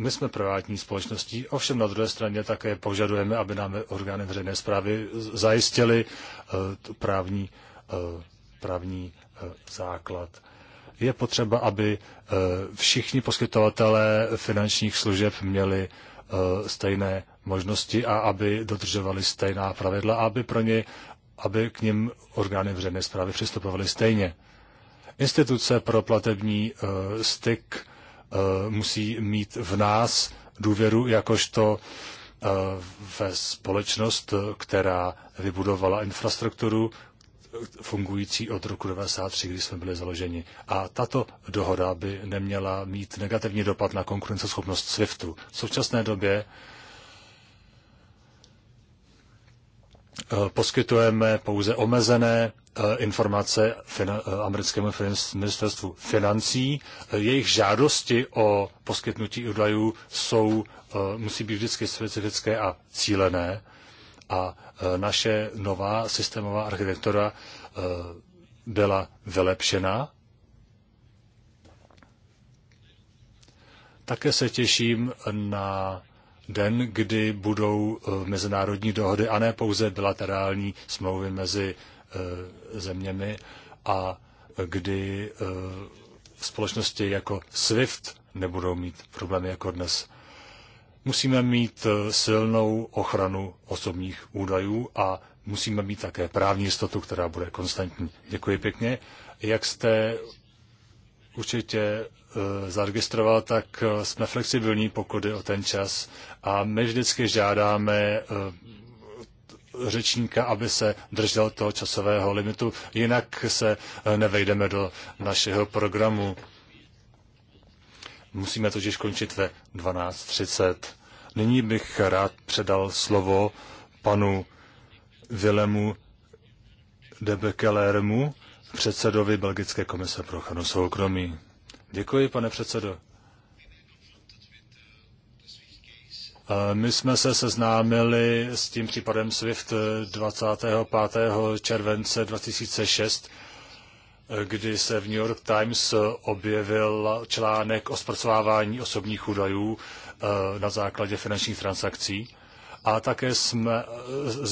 My jsme privátní společností, ovšem na druhé straně také požadujeme, aby nám orgány veřejné zprávy zajistily eh, právní, eh, právní eh, základ. Je potřeba, aby všichni poskytovatelé finančních služeb měli stejné možnosti a aby dodržovali stejná pravidla a aby pro ně, aby k ním orgány veřejné zprávy přistupovaly stejně. Instituce pro platební styk Eh, musí mít v nás důvěru jakožto eh, ve společnost, která vybudovala infrastrukturu eh, fungující od roku 1993, kdy jsme byli založeni. A tato dohoda by neměla mít negativní dopad na konkurenceschopnost SWIFTu. V současné době Eh, poskytujeme pouze omezené eh, informace eh, americkému ministerstvu financí. Jejich žádosti o poskytnutí údajů jsou, musí být vždycky specifické a cílené. A naše nová systémová architektura byla vylepšena. Také se těším na den, kdy budou eh, mezinárodní dohody a ne pouze bilaterální smlouvy mezi eh, zeměmi a kdy eh, společnosti jako SWIFT nebudou mít problémy jako dnes. Musíme mít silnou ochranu osobních údajů a musíme mít také právní jistotu, která bude konstantní. Děkuji pěkně. Jak jste určitě Eh, zaregistroval, tak eh, jsme flexibilní, pokud je o ten čas. A my vždycky žádáme eh, řečníka, aby se držel toho časového limitu, jinak se nevejdeme do našeho programu. Musíme totiž končit ve 12.30. Nyní bych rád předal slovo panu Vilemu Debekelermu, předsedovi Belgické komise pro ochranu soukromí. Děkuji, pane předsedo. My jsme se seznámili s tím případem SWIFT 25. července 2006, kdy se v New York Times objevil článek o zpracovávání osobních údajů eh, na základě finančních transakcí. A také jsme eh,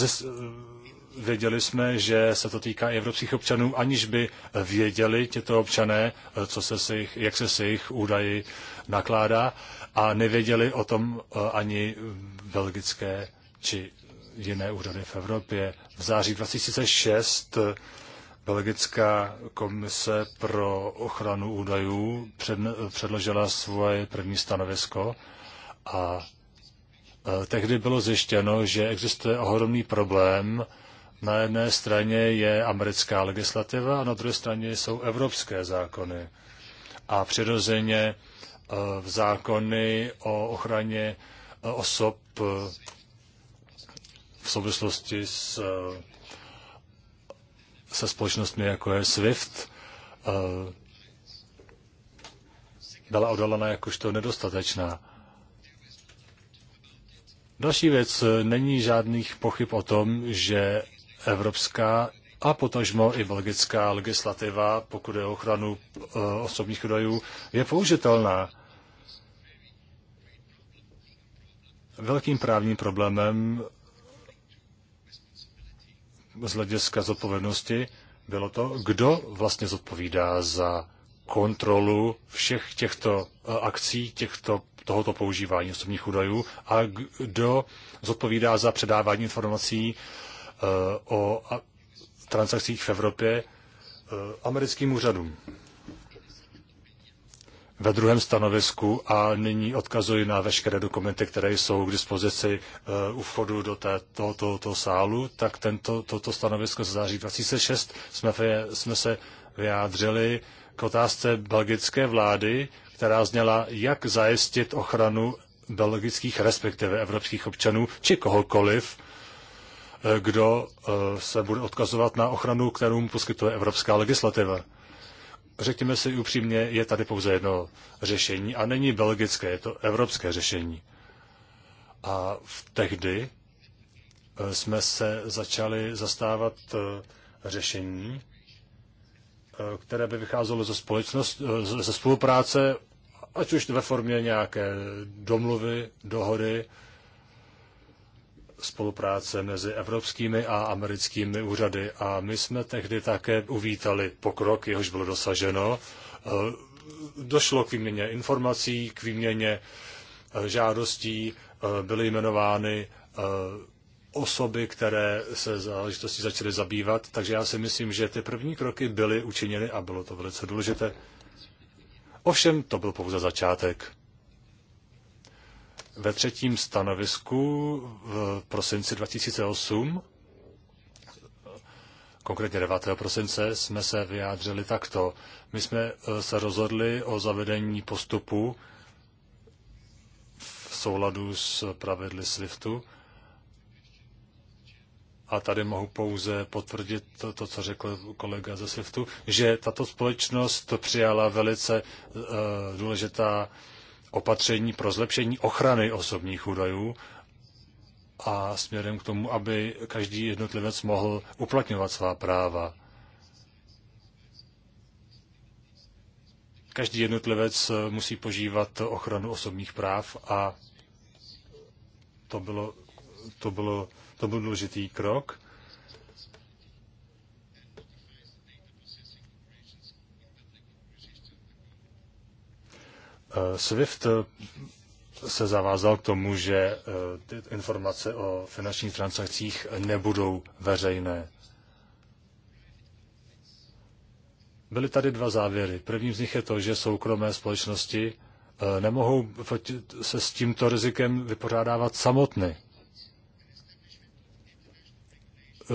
věděli jsme, že se to týká i evropských občanů, aniž by věděli těto občané, eh, co se s jejich, jak se s jejich údaji nakládá a nevěděli o tom eh, ani belgické či jiné úřady v Evropě. V září 2006 Belgická komise pro ochranu údajů předložila svoje první stanovisko a eh, tehdy bylo zjištěno, že existuje ohromný problém na jedné straně je americká legislativa a na druhé straně jsou evropské zákony. A přirozeně eh, zákony o ochraně eh, osob eh, v souvislosti s, se společnostmi jako je SWIFT byla odolena jakožto nedostatečná. Další věc, není žádných pochyb o tom, že evropská a potažmo i belgická legislativa, pokud je ochranu eh, osobních údajů, je použitelná. Velkým právním problémem z hlediska zodpovědnosti bylo to, kdo vlastně zodpovídá za kontrolu všech těchto eh, akcí, těchto, tohoto používání osobních údajů a kdo zodpovídá za předávání informací Eh, o transakcích v Evropě eh, americkým úřadům. Ve druhém stanovisku a nyní odkazuji na veškeré dokumenty, které jsou k dispozici eh, u vchodu do tohoto to, to sálu, tak tento, toto stanovisko z září 2006 jsme, jsme se vyjádřili k otázce belgické vlády, která zněla, jak zajistit ochranu belgických, respektive evropských občanů, či kohokoliv, Eh, kdo eh, se bude odkazovat na ochranu, kterou mu poskytuje evropská legislativa. Řekněme si upřímně, je tady pouze jedno řešení a není belgické, je to evropské řešení. A v tehdy eh, jsme se začali zastávat řešení, které by vycházelo ze, společnost, ze spolupráce, ať už ve formě nějaké domluvy, dohody, spolupráce mezi evropskými a americkými úřady a my jsme tehdy také uvítali pokrok, jehož bylo dosaženo. Eh, došlo k výměně informací, k výměně eh, žádostí, eh, byly jmenovány osoby, které se záležitostí začaly zabývat, takže já si myslím, že ty první kroky byly učiněny a bylo to velice důležité. Ovšem, to byl pouze začátek ve třetím stanovisku v prosinci 2008, konkrétně 9. prosince, jsme se vyjádřili takto. My jsme eh, se rozhodli o zavedení postupu v souladu s pravidly SWIFTu. A tady mohu pouze potvrdit to, to co řekl kolega ze SWIFTu, že tato společnost přijala velice uh, důležitá uh, opatření pro zlepšení ochrany osobních údajů a směrem k tomu, aby každý jednotlivec mohl uplatňovat svá práva. Každý jednotlivec musí požívat ochranu osobních práv a to bylo, to bylo, to byl důležitý krok. SWIFT eh, se zavázal k tomu, že eh, ty informace o finančních transakcích nebudou veřejné. Byly tady dva závěry. Prvním z nich je to, že soukromé společnosti eh, nemohou se s tímto rizikem vypořádávat samotny.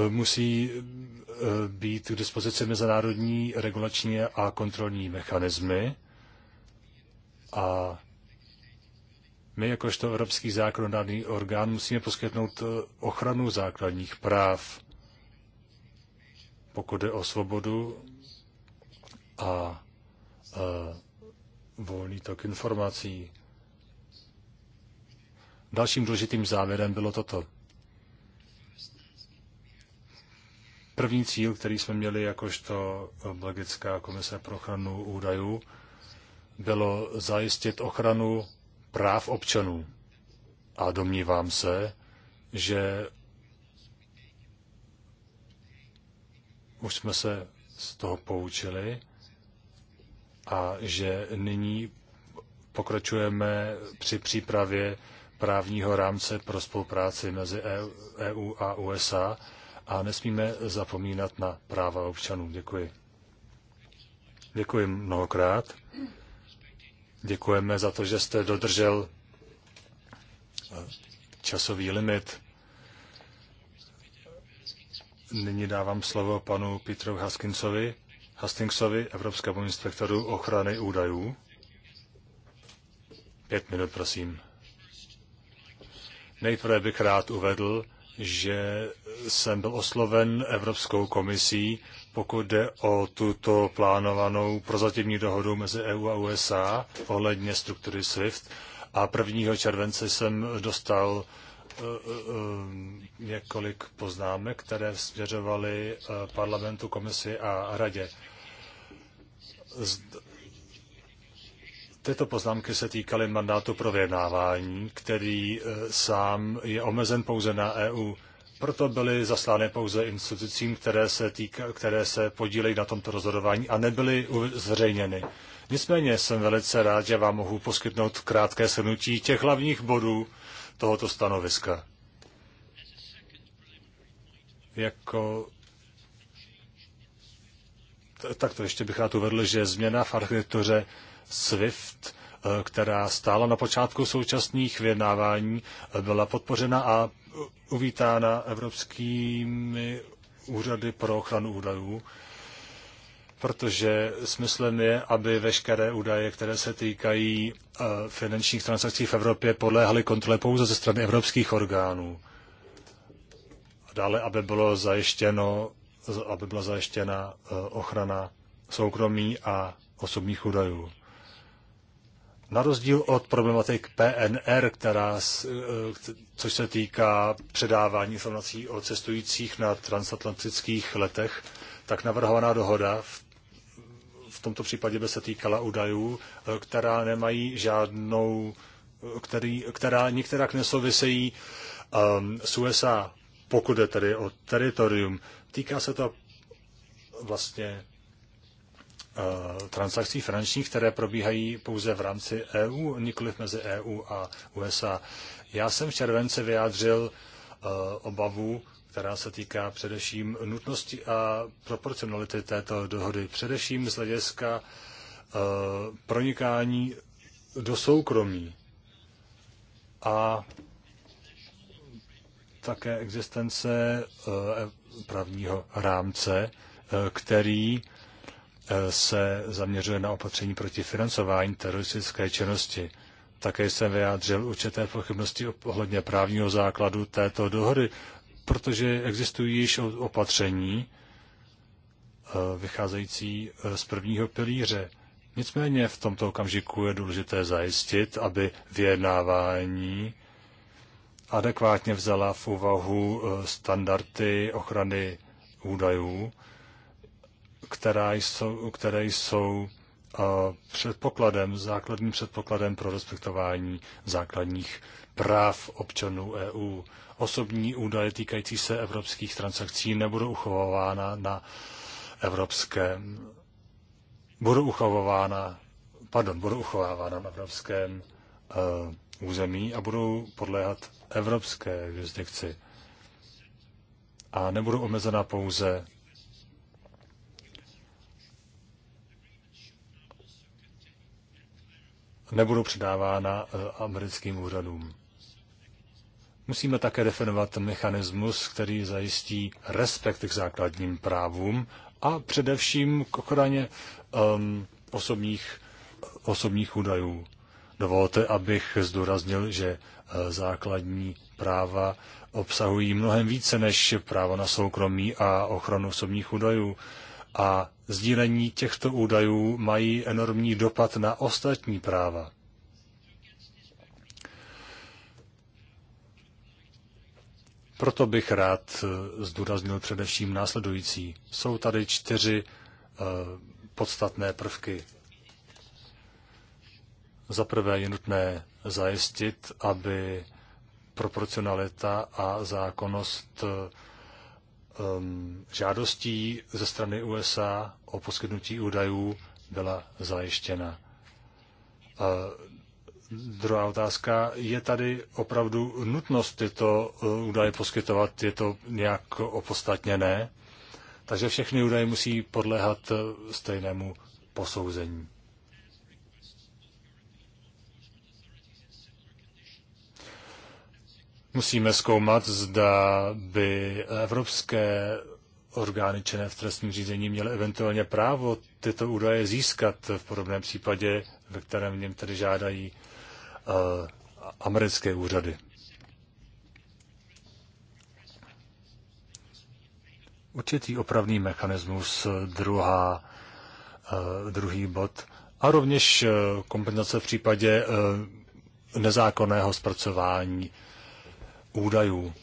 Musí být k dispozici mezinárodní regulační a kontrolní mechanismy, a my, jakožto Evropský zákonodárný orgán, musíme poskytnout eh, ochranu základních práv, pokud jde o svobodu a, a eh, volný tok informací. Dalším důležitým závěrem bylo toto. První cíl, který jsme měli jakožto Belgická komise pro ochranu údajů, bylo zajistit ochranu práv občanů. A domnívám se, že už jsme se z toho poučili a že nyní pokračujeme při přípravě právního rámce pro spolupráci mezi EU e a USA a nesmíme zapomínat na práva občanů. Děkuji. Děkuji mnohokrát. Děkujeme za to, že jste dodržel eh, časový limit. Nyní dávám slovo panu Petru Haskinsovi, Hastingsovi, Evropskému inspektoru ochrany údajů. Pět minut, prosím. Nejprve bych rád uvedl, že jsem byl osloven Evropskou komisí pokud jde o tuto plánovanou prozatímní dohodu mezi EU a USA ohledně struktury SWIFT. A 1. července jsem dostal e, e, e, několik poznámek, které směřovaly parlamentu, komisi a radě. Tyto poznámky se týkaly mandátu pro vyjednávání, který sám je omezen pouze na EU. Proto byly zaslány pouze institucím, které se, týka, které se podílejí na tomto rozhodování a nebyly zřejněny. Nicméně jsem velice rád, že vám mohu poskytnout krátké shrnutí těch hlavních bodů tohoto stanoviska. Jako tak to ještě bych rád uvedl, že změna v architektuře SWIFT která stála na počátku současných vyjednávání, byla podpořena a uvítána evropskými úřady pro ochranu údajů, protože smyslem je, aby veškeré údaje, které se týkají eh, finančních transakcí v Evropě, podléhaly kontrole pouze ze strany evropských orgánů. A dále, aby, bylo zajištěno, aby byla zajištěna eh, ochrana soukromí a osobních údajů. Na rozdíl od problematik PNR, která, eh, což se týká předávání informací o cestujících na transatlantických letech, tak navrhovaná dohoda v, v tomto případě by se týkala údajů, eh, která nemají žádnou, eh, který, která některá nesouvisejí um, s USA, pokud je tedy o teritorium. Týká se to vlastně Eh, transakcí finančních, které probíhají pouze v rámci EU, nikoliv mezi EU a USA. Já jsem v července vyjádřil eh, obavu, která se týká především nutnosti a proporcionality této dohody, především z hlediska eh, pronikání do soukromí a také existence právního rámce, který se zaměřuje na opatření proti financování teroristické činnosti. Také jsem vyjádřil určité pochybnosti ohledně právního základu této dohody, protože existují již opatření e, vycházející e, z prvního pilíře. Nicméně v tomto okamžiku je důležité zajistit, aby vyjednávání adekvátně vzala v úvahu e, standardy ochrany údajů která jsou, které jsou eh, předpokladem, základním předpokladem pro respektování základních práv občanů EU. Osobní údaje týkající se evropských transakcí nebudou uchovávána na evropském, budou uchovávána, pardon, budou uchovávána na evropském uh, území a budou podléhat evropské jurisdikci a nebudou omezena pouze nebudou předávána eh, americkým úřadům. Musíme také definovat mechanismus, který zajistí respekt k základním právům a především k ochraně um, osobních, osobních údajů. Dovolte, abych zdůraznil, že eh, základní práva obsahují mnohem více než právo na soukromí a ochranu osobních údajů a sdílení těchto údajů mají enormní dopad na ostatní práva. Proto bych rád eh, zdůraznil především následující. Jsou tady čtyři eh, podstatné prvky. Za prvé je nutné zajistit, aby proporcionalita a zákonnost eh, um, žádostí ze strany USA o poskytnutí údajů byla zajištěna. Uh, druhá otázka, je tady opravdu nutnost tyto eh, údaje poskytovat, je to nějak opostatněné? Takže všechny údaje musí podléhat eh, stejnému posouzení. Musíme zkoumat, zda by evropské orgány činné v trestním řízení měly eventuálně právo tyto údaje získat v podobném případě, ve kterém v něm tedy žádají uh, americké úřady. Určitý opravný mechanismus, druhá, uh, druhý bod a rovněž eh, kompenzace v případě nezákonného zpracování údajů.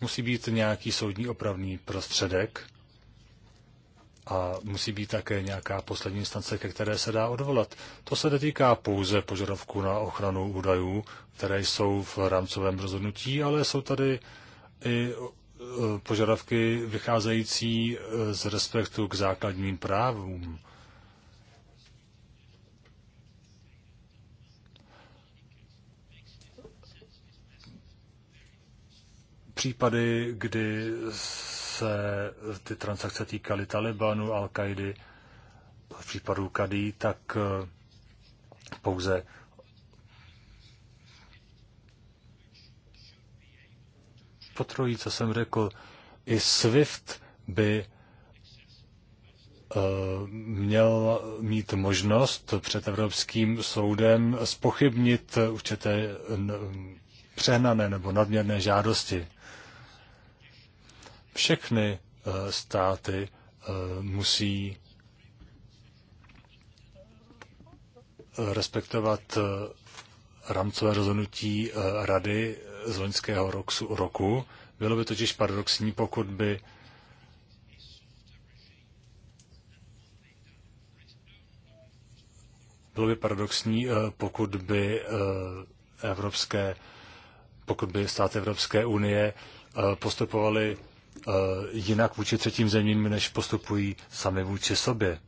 Musí být nějaký soudní opravný prostředek a musí být také nějaká poslední instance, ke které se dá odvolat. To se netýká pouze požadavku na ochranu údajů, které jsou v rámcovém rozhodnutí, ale jsou tady i e, požadavky vycházející e, z respektu k základním právům. případy, kdy se ty transakce týkaly Talibanu, al kaidy v případu Kadí, tak eh, pouze potrojí, co jsem řekl, i SWIFT by eh, měl mít možnost před Evropským soudem spochybnit určité přehnané nebo nadměrné žádosti všechny eh, státy eh, musí eh, respektovat rámcové rozhodnutí rady z loňského roku. Bylo by totiž paradoxní, pokud by bylo by paradoxní, pokud by evropské, pokud by státy Evropské unie postupovaly Eh, jinak vůči třetím zemím, než postupují sami vůči sobě.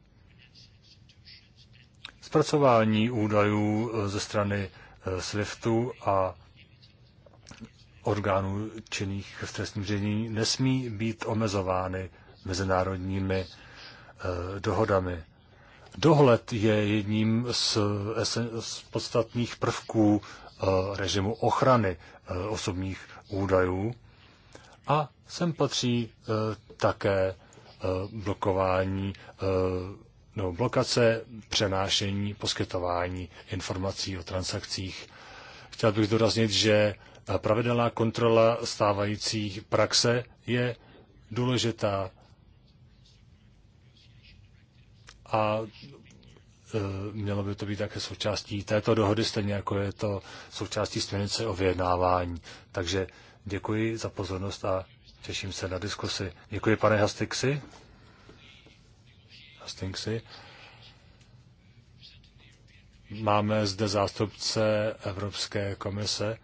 Zpracování údajů eh, ze strany eh, SWIFTu a orgánů činných v trestním řízení nesmí být omezovány mezinárodními dohodami. Dohled je jedním z, z podstatných prvků režimu ochrany osobních údajů a Sem patří e, také e, blokování e, nebo blokace přenášení, poskytování informací o transakcích. Chtěl bych zdůraznit, že pravidelná kontrola stávající praxe je důležitá a mělo by to být také součástí této dohody, stejně jako je to součástí směrnice o vyjednávání. Takže děkuji za pozornost a Těším se na diskusi. Děkuji, pane Hastixi. Hastingsi. Máme zde zástupce Evropské komise.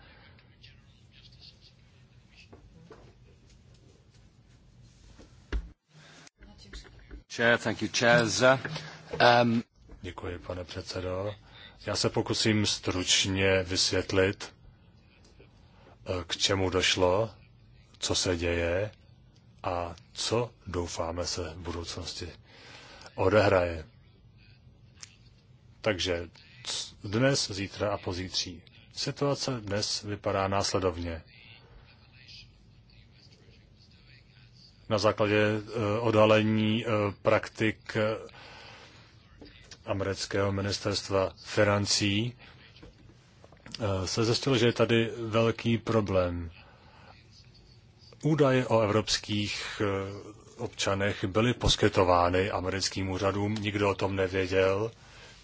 Um, Děkuji, pane předsedo. Já se pokusím stručně vysvětlit, eh, k čemu došlo co se děje a co doufáme se v budoucnosti odehraje. Takže dnes, zítra a pozítří. Situace dnes vypadá následovně. Na základě eh, odhalení eh, praktik eh, amerického ministerstva financí se zjistilo, že je tady velký problém. Údaje o evropských eh, občanech byly poskytovány americkým úřadům, nikdo o tom nevěděl,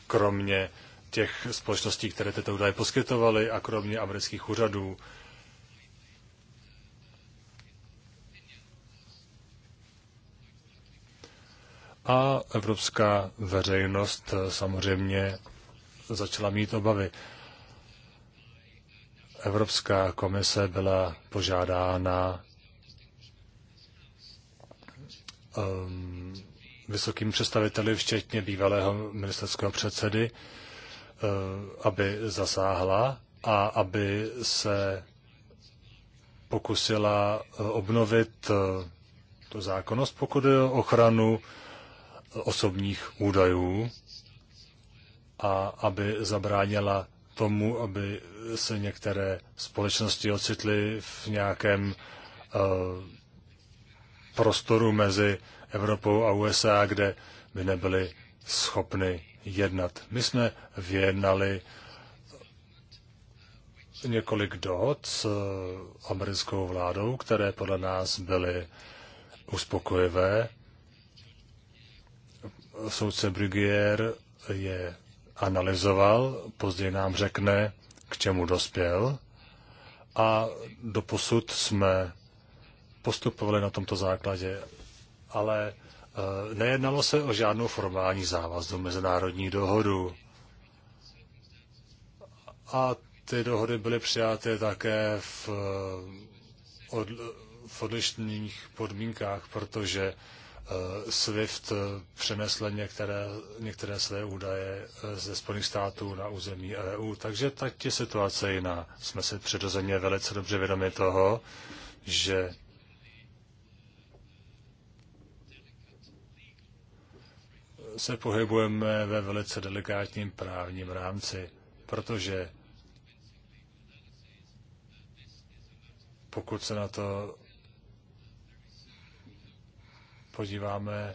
kromě těch společností, které tyto údaje poskytovaly a kromě amerických úřadů. A evropská veřejnost eh, samozřejmě začala mít obavy. Evropská komise byla požádána um, vysokým představiteli, včetně bývalého ministerského předsedy, uh, aby zasáhla a aby se pokusila uh, obnovit uh, tu zákonnost, pokud je o ochranu osobních údajů a aby zabránila tomu, aby se některé společnosti ocitly v nějakém prostoru mezi Evropou a USA, kde by nebyli schopni jednat. My jsme vyjednali několik dohod s eh, americkou vládou, které podle nás byly uspokojivé. Soudce Brugier je analyzoval, později nám řekne, k čemu dospěl. A doposud jsme postupovali na tomto základě, ale eh, nejednalo se o žádnou formální do mezinárodní dohodu. A ty dohody byly přijaty také v, eh, od, v odlišných podmínkách, protože eh, SWIFT přenesl některé, některé své údaje ze Spojených států na území EU, takže tak je situace jiná. Jsme si přirozeně velice dobře vědomi toho, že se pohybujeme ve velice delikátním právním rámci, protože pokud se na to podíváme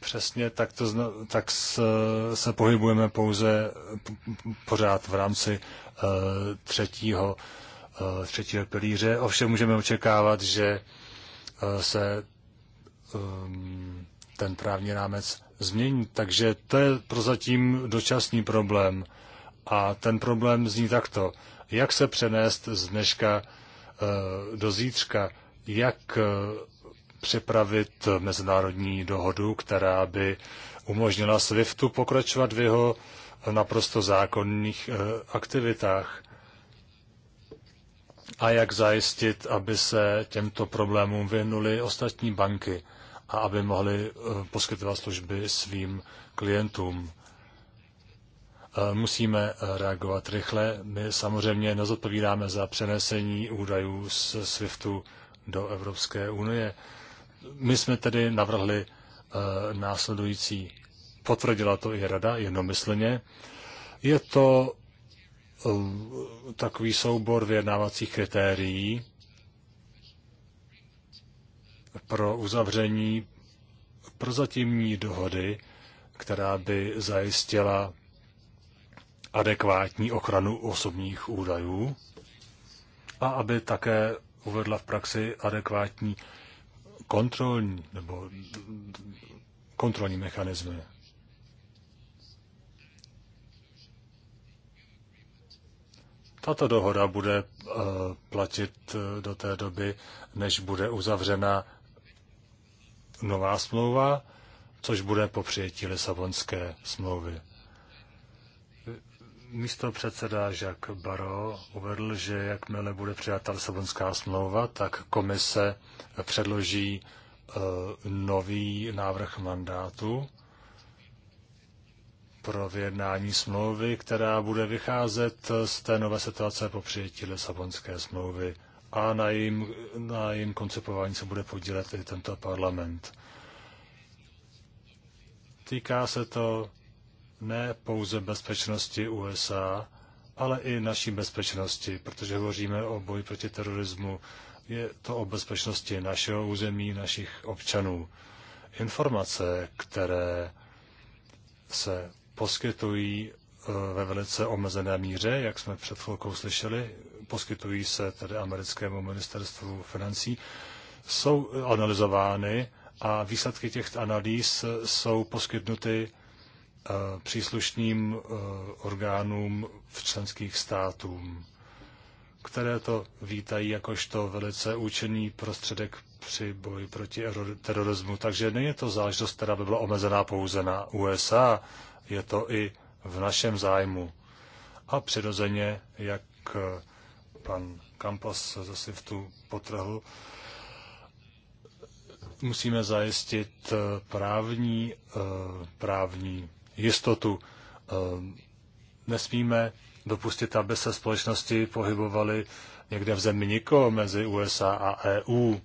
přesně, tak, to, zna, tak se, se pohybujeme pouze pořád v rámci uh, třetího, uh, třetího pilíře. Ovšem můžeme očekávat, že uh, se um, ten právní rámec změnit. Takže to je prozatím dočasný problém. A ten problém zní takto. Jak se přenést z dneška eh, do zítřka? Jak eh, připravit mezinárodní dohodu, která by umožnila SWIFTu pokračovat v jeho naprosto zákonných eh, aktivitách? A jak zajistit, aby se těmto problémům vyhnuli ostatní banky? a aby mohli eh, poskytovat služby svým klientům. Eh, musíme eh, reagovat rychle. My samozřejmě nezodpovídáme za přenesení údajů z SWIFTu do Evropské unie. My jsme tedy navrhli následující, potvrdila to i rada jednomyslně. Je to takový soubor vyjednávacích kritérií, pro uzavření prozatímní dohody, která by zajistila adekvátní ochranu osobních údajů a aby také uvedla v praxi adekvátní kontrolní nebo kontrolní mechanismy. Tato dohoda bude eh, platit eh, do té doby, než bude uzavřena nová smlouva, což bude po přijetí Lisabonské smlouvy. Místo předseda Jacques Baro uvedl, že jakmile bude přijata Lisabonská smlouva, tak komise předloží eh, nový návrh mandátu pro vyjednání smlouvy, která bude vycházet z té nové situace po přijetí Lisabonské smlouvy a na jejím, na jejím koncepování se bude podílet i tento parlament. Týká se to ne pouze bezpečnosti USA, ale i naší bezpečnosti, protože hovoříme o boji proti terorismu. Je to o bezpečnosti našeho území, našich občanů. Informace, které se poskytují eh, ve velice omezené míře, jak jsme před chvilkou slyšeli, poskytují se tedy americkému ministerstvu financí, jsou analyzovány a výsledky těch analýz jsou poskytnuty eh, příslušným eh, orgánům v členských státům, které to vítají jakožto velice účinný prostředek při boji proti terorismu. Takže není to záležitost, která by byla omezená pouze na USA, je to i v našem zájmu. A přirozeně, jak eh, pan Campos v tu potrhl, musíme zajistit eh, právní, eh, právní jistotu. Eh, nesmíme dopustit, aby se společnosti pohybovaly někde v zemi nikoho mezi USA a EU.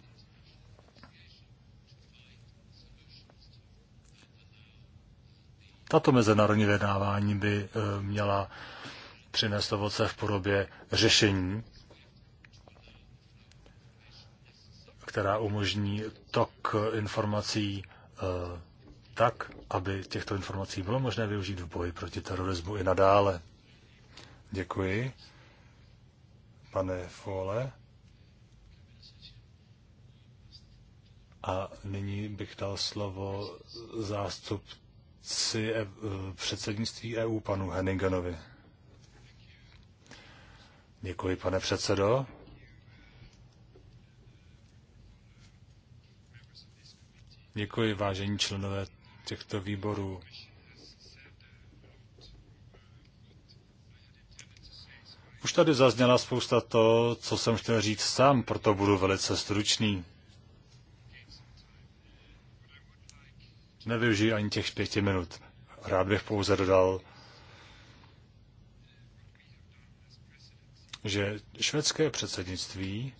Tato mezinárodní vydávání by měla přinést ovoce v podobě řešení, která umožní tok informací eh, tak, aby těchto informací bylo možné využít v boji proti terorismu i nadále. Děkuji. Pane Fole. A nyní bych dal slovo zástupci e- předsednictví EU, panu Henninganovi. Děkuji, pane předsedo. Děkuji, vážení členové těchto výborů. Už tady zazněla spousta to, co jsem chtěl říct sám, proto budu velice stručný. Nevyužiji ani těch pěti minut. Rád bych pouze dodal, že švédské předsednictví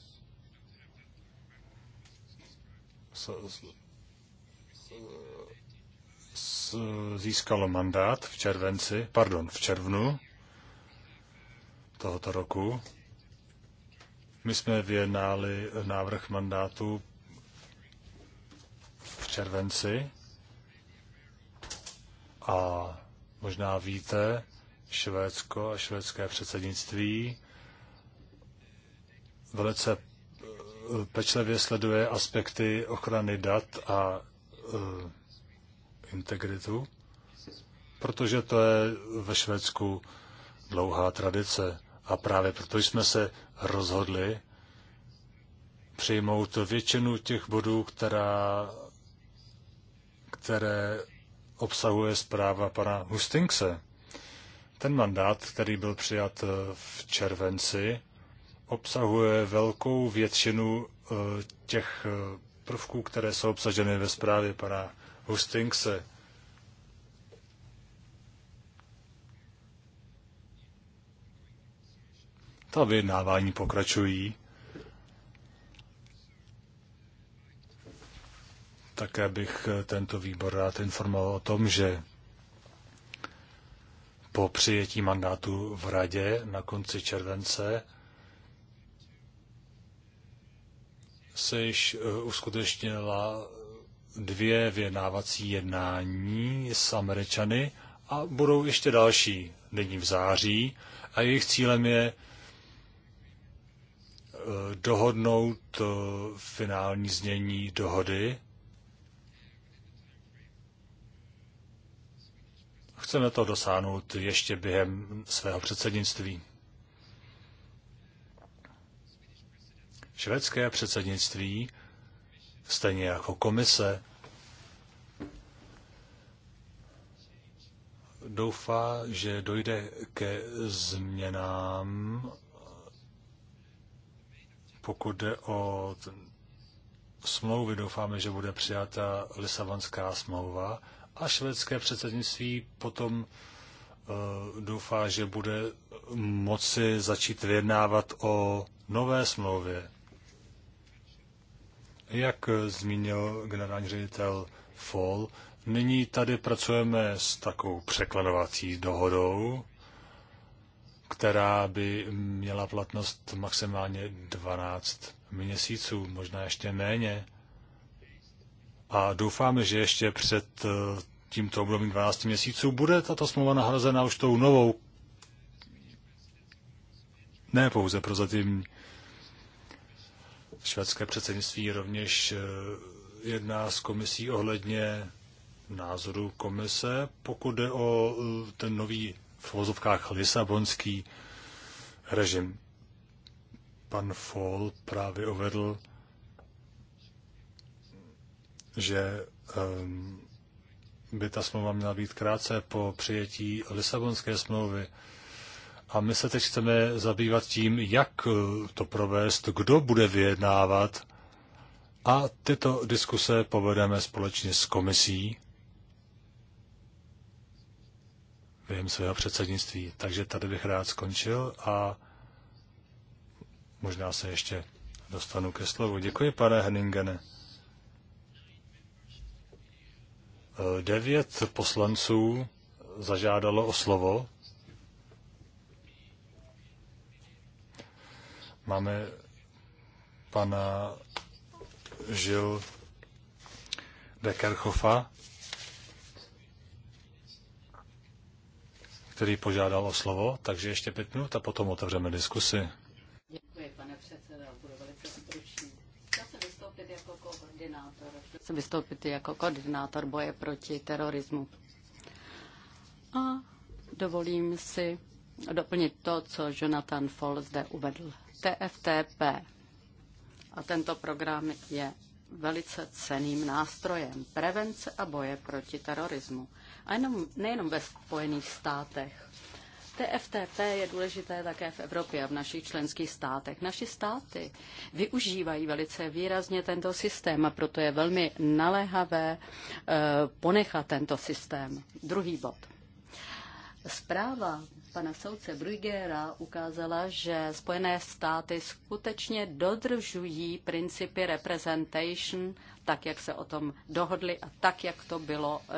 získalo mandát v červenci, pardon, v červnu tohoto roku. My jsme vyjednali návrh mandátu v červenci a možná víte, Švédsko a švédské předsednictví velice eh, pečlivě sleduje aspekty ochrany dat a eh, integritu, protože to je ve Švédsku dlouhá tradice. A právě proto jsme se rozhodli přijmout většinu těch bodů, která, které obsahuje zpráva pana Hustingse. Ten mandát, který byl přijat v červenci, obsahuje velkou většinu eh, těch eh, prvků, které jsou obsaženy ve zprávě pana Hustingse. Ta vyjednávání pokračují. Také bych eh, tento výbor rád informoval o tom, že po přijetí mandátu v Radě na konci července se již eh, uskutečnila dvě vyjednávací jednání s Američany a budou ještě další nyní v září a jejich cílem je eh, dohodnout eh, finální znění dohody. Chceme to dosáhnout ještě během svého předsednictví. Švédské předsednictví stejně jako komise. Doufá, že dojde ke změnám, pokud jde o smlouvy. Doufáme, že bude přijata Lisabonská smlouva a švédské předsednictví potom eh, doufá, že bude moci začít vyjednávat o nové smlouvě. Jak zmínil generální ředitel Fall, nyní tady pracujeme s takovou překladovací dohodou, která by měla platnost maximálně 12 měsíců, možná ještě méně. A doufáme, že ještě před eh, tímto obdobím 12 měsíců bude tato smlouva nahrazena už tou novou, ne pouze prozatímní. Švédské předsednictví rovněž eh, jedná s komisí ohledně názoru komise, pokud jde o eh, ten nový v vozovkách lisabonský režim. Pan Fall právě uvedl, že um, by ta smlouva měla být krátce po přijetí Lisabonské smlouvy. A my se teď chceme zabývat tím, jak eh, to provést, kdo bude vyjednávat. A tyto diskuse povedeme společně s komisí během svého předsednictví. Takže tady bych rád skončil a možná se ještě dostanu ke slovu. Děkuji, pane Henningene. Eh, devět poslanců zažádalo o slovo. Máme pana Žil Deckerhoffa, který požádal o slovo, takže ještě pět minut a potom otevřeme diskusi.
Děkuji, pane předsedo, budu velice stručný. Chtěl jsem vystoupit jako koordinátor. Chtěl jsem vystoupit jako koordinátor boje proti terorismu. A dovolím si doplnit to, co Jonathan Fall zde uvedl. TFTP a tento program je velice ceným nástrojem prevence a boje proti terorismu. A jenom, nejenom ve Spojených státech. TFTP je důležité také v Evropě a v našich členských státech. Naši státy využívají velice výrazně tento systém a proto je velmi naléhavé eh, ponechat tento systém. Druhý bod. Zpráva pana soudce Brugera ukázala, že Spojené státy skutečně dodržují principy representation, tak jak se o tom dohodli a tak jak to bylo e,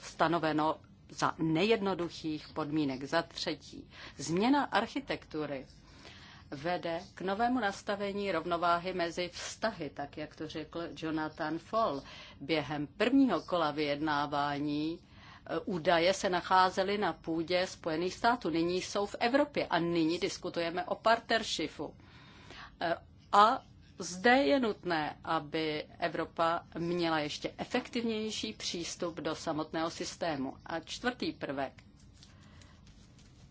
stanoveno za nejednoduchých podmínek. Za třetí, změna architektury vede k novému nastavení rovnováhy mezi vztahy, tak jak to řekl Jonathan Fall. Během prvního kola vyjednávání Eh, údaje se nacházely na půdě Spojených států. Nyní jsou v Evropě a nyní diskutujeme o partnershipu. Eh, a zde je nutné, aby Evropa měla ještě efektivnější přístup do samotného systému. A čtvrtý prvek.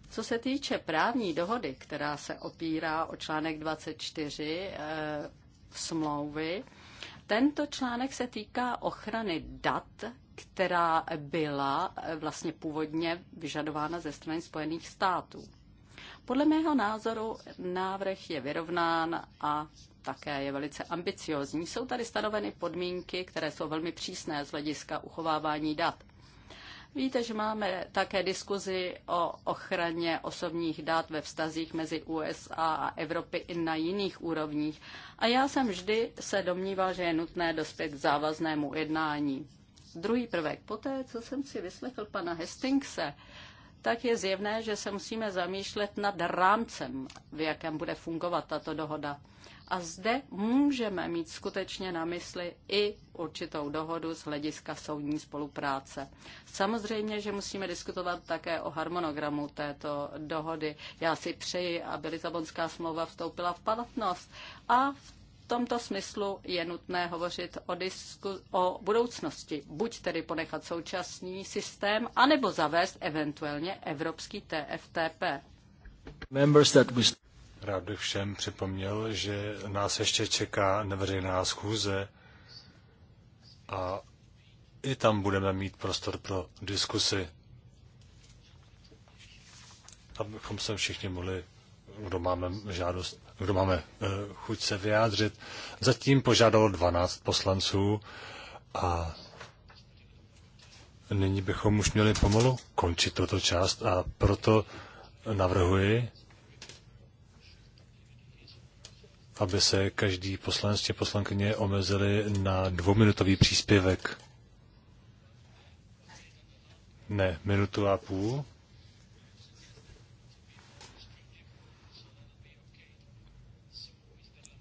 Co se týče právní dohody, která se opírá o článek 24 e, eh, smlouvy, tento článek se týká ochrany dat, která byla eh, vlastně původně vyžadována ze strany Spojených států. Podle mého názoru návrh je vyrovnán a také je velice ambiciozní. Jsou tady stanoveny podmínky, které jsou velmi přísné z hlediska uchovávání dat. Víte, že máme také diskuzi o ochraně osobních dat ve vztazích mezi USA a Evropy i na jiných úrovních. A já jsem vždy se domníval, že je nutné dospět k závaznému jednání. Druhý prvek. Poté, co jsem si vyslechl pana Hestingse, tak je zjevné, že se musíme zamýšlet nad rámcem, v jakém bude fungovat tato dohoda. A zde můžeme mít skutečně na mysli i určitou dohodu z hlediska soudní spolupráce. Samozřejmě, že musíme diskutovat také o harmonogramu této dohody. Já si přeji, aby Lisabonská smlouva vstoupila v platnost a v tomto smyslu je nutné hovořit o, disku, o budoucnosti. Buď tedy ponechat současný systém, anebo zavést eventuálně evropský TFTP.
Rád bych všem připomněl, že nás ještě čeká neveřejná schůze a i tam budeme mít prostor pro diskusy, abychom se všichni mohli, kdo máme žádost, kdo máme eh, chuť se vyjádřit. Zatím požádalo 12 poslanců a nyní bychom už měli pomalu končit toto část a proto navrhuji, aby se každý poslanec či poslankyně omezili na dvouminutový příspěvek. Ne, minutu a půl.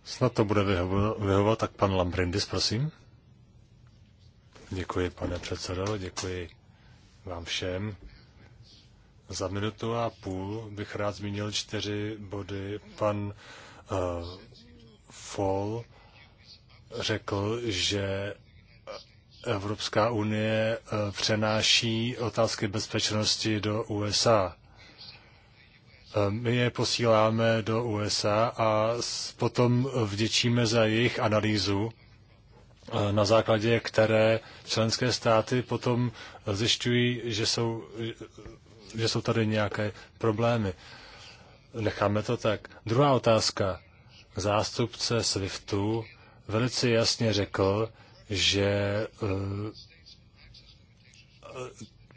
Snad to bude vyhovovat, tak pan Lambrindis, prosím. Děkuji, pane předsedo, děkuji vám všem. Za minutu a půl bych rád zmínil čtyři body. Pan uh, Fall řekl, že Evropská unie eh, přenáší otázky bezpečnosti do USA. Eh, my je posíláme do USA a potom vděčíme za jejich analýzu, eh, na základě které členské státy potom zjišťují, že jsou, že jsou tady nějaké problémy. Necháme to tak. Druhá otázka. Zástupce SWIFTu velice jasně řekl, že eh,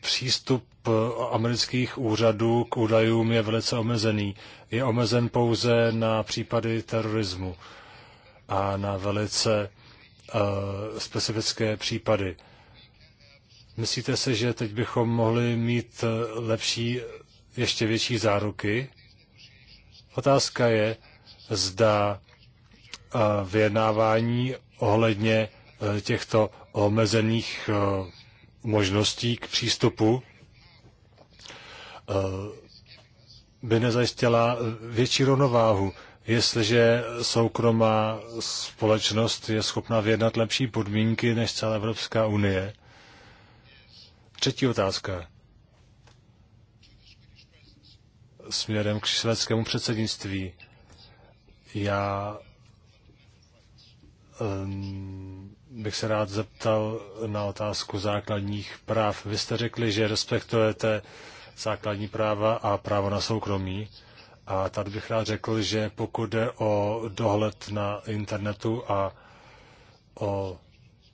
přístup amerických úřadů k údajům je velice omezený. Je omezen pouze na případy terorismu a na velice uh, specifické případy. Myslíte se, že teď bychom mohli mít eh, lepší, ještě větší záruky? Otázka je, zda eh, vyjednávání ohledně těchto omezených možností k přístupu Eh, by nezajistila eh, větší rovnováhu, jestliže soukromá společnost je schopna vyjednat lepší podmínky než celá Evropská unie. Třetí otázka. Směrem k švédskému předsednictví. Já ehm, bych se rád zeptal na otázku základních práv. Vy jste řekli, že respektujete základní práva a právo na soukromí. A tady bych rád řekl, že pokud jde o dohled na internetu a o,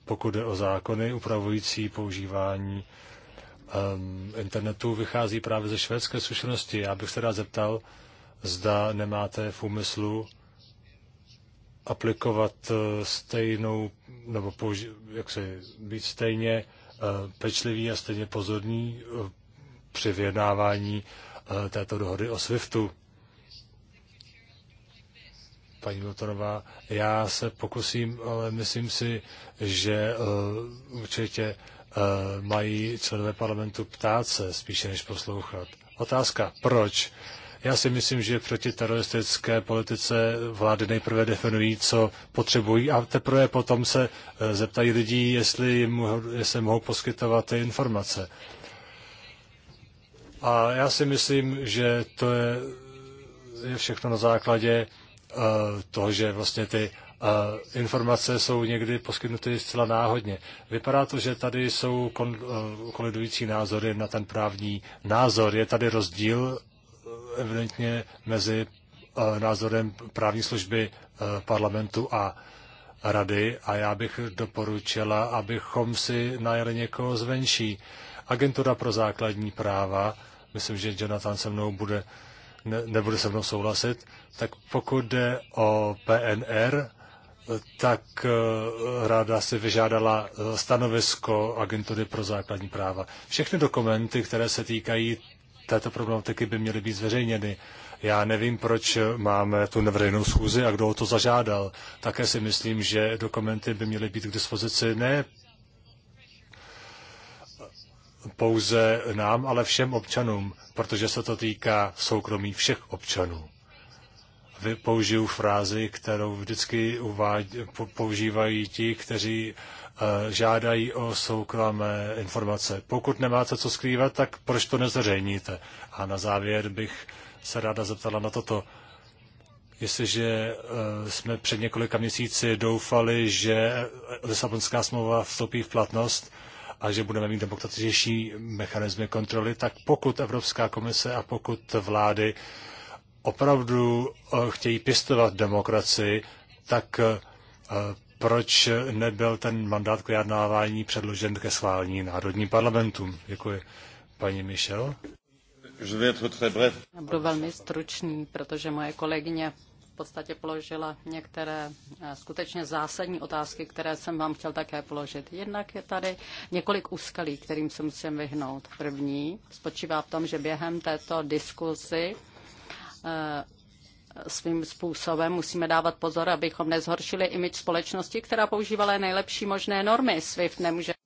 pokud jde o zákony upravující používání um, internetu, vychází právě ze švédské zkušenosti. Já bych se rád zeptal, zda nemáte v úmyslu aplikovat eh, stejnou, nebo použi- jak se být stejně eh, pečlivý a stejně pozorný eh, při vyjednávání eh, této dohody o SWIFTu. Paní Miltonová, já se pokusím, ale myslím si, že eh, určitě eh, mají členové parlamentu ptát se spíše než poslouchat. Otázka, proč? Já si myslím, že proti teroristické politice vlády nejprve definují, co potřebují a teprve potom se zeptají lidí, jestli, se mohou poskytovat ty informace. A já si myslím, že to je, je všechno na základě uh, toho, že vlastně ty uh, informace jsou někdy poskytnuty zcela náhodně. Vypadá to, že tady jsou kon, uh, kolidující názory na ten právní názor. Je tady rozdíl uh, evidentně mezi uh, názorem právní služby uh, parlamentu a rady a já bych doporučila, abychom si najeli někoho zvenší. Uh, Agentura pro základní práva, myslím, že Jonathan se mnou bude, ne, nebude se mnou souhlasit, tak pokud jde o PNR, tak eh, ráda si vyžádala stanovisko Agentury pro základní práva. Všechny dokumenty, které se týkají této problematiky, by měly být zveřejněny. Já nevím, proč máme tu neveřejnou schůzi a kdo o to zažádal. Také si myslím, že dokumenty by měly být k dispozici ne pouze nám, ale všem občanům, protože se to týká soukromí všech občanů. Vy použiju frázi, kterou vždycky používají ti, kteří eh, žádají o soukromé informace. Pokud nemáte co skrývat, tak proč to nezřejníte? A na závěr bych se ráda zeptala na toto. Jestliže eh, jsme před několika měsíci doufali, že Lisabonská smlouva vstoupí v platnost, a že budeme mít demokratičnější mechanismy kontroly, tak pokud Evropská komise a pokud vlády opravdu eh, chtějí pěstovat demokracii, tak eh, proč nebyl ten mandát k vyjednávání předložen ke schválení národním parlamentům? Děkuji. Paní Michel?
Budu velmi stručný, protože moje kolegyně podstatě položila některé eh, skutečně zásadní otázky, které jsem vám chtěl také položit. Jednak je tady několik úskalí, kterým se musím vyhnout. První spočívá v tom, že během této diskuzi eh, svým způsobem musíme dávat pozor, abychom nezhoršili imič společnosti, která používala nejlepší možné normy. SWIFT nemůže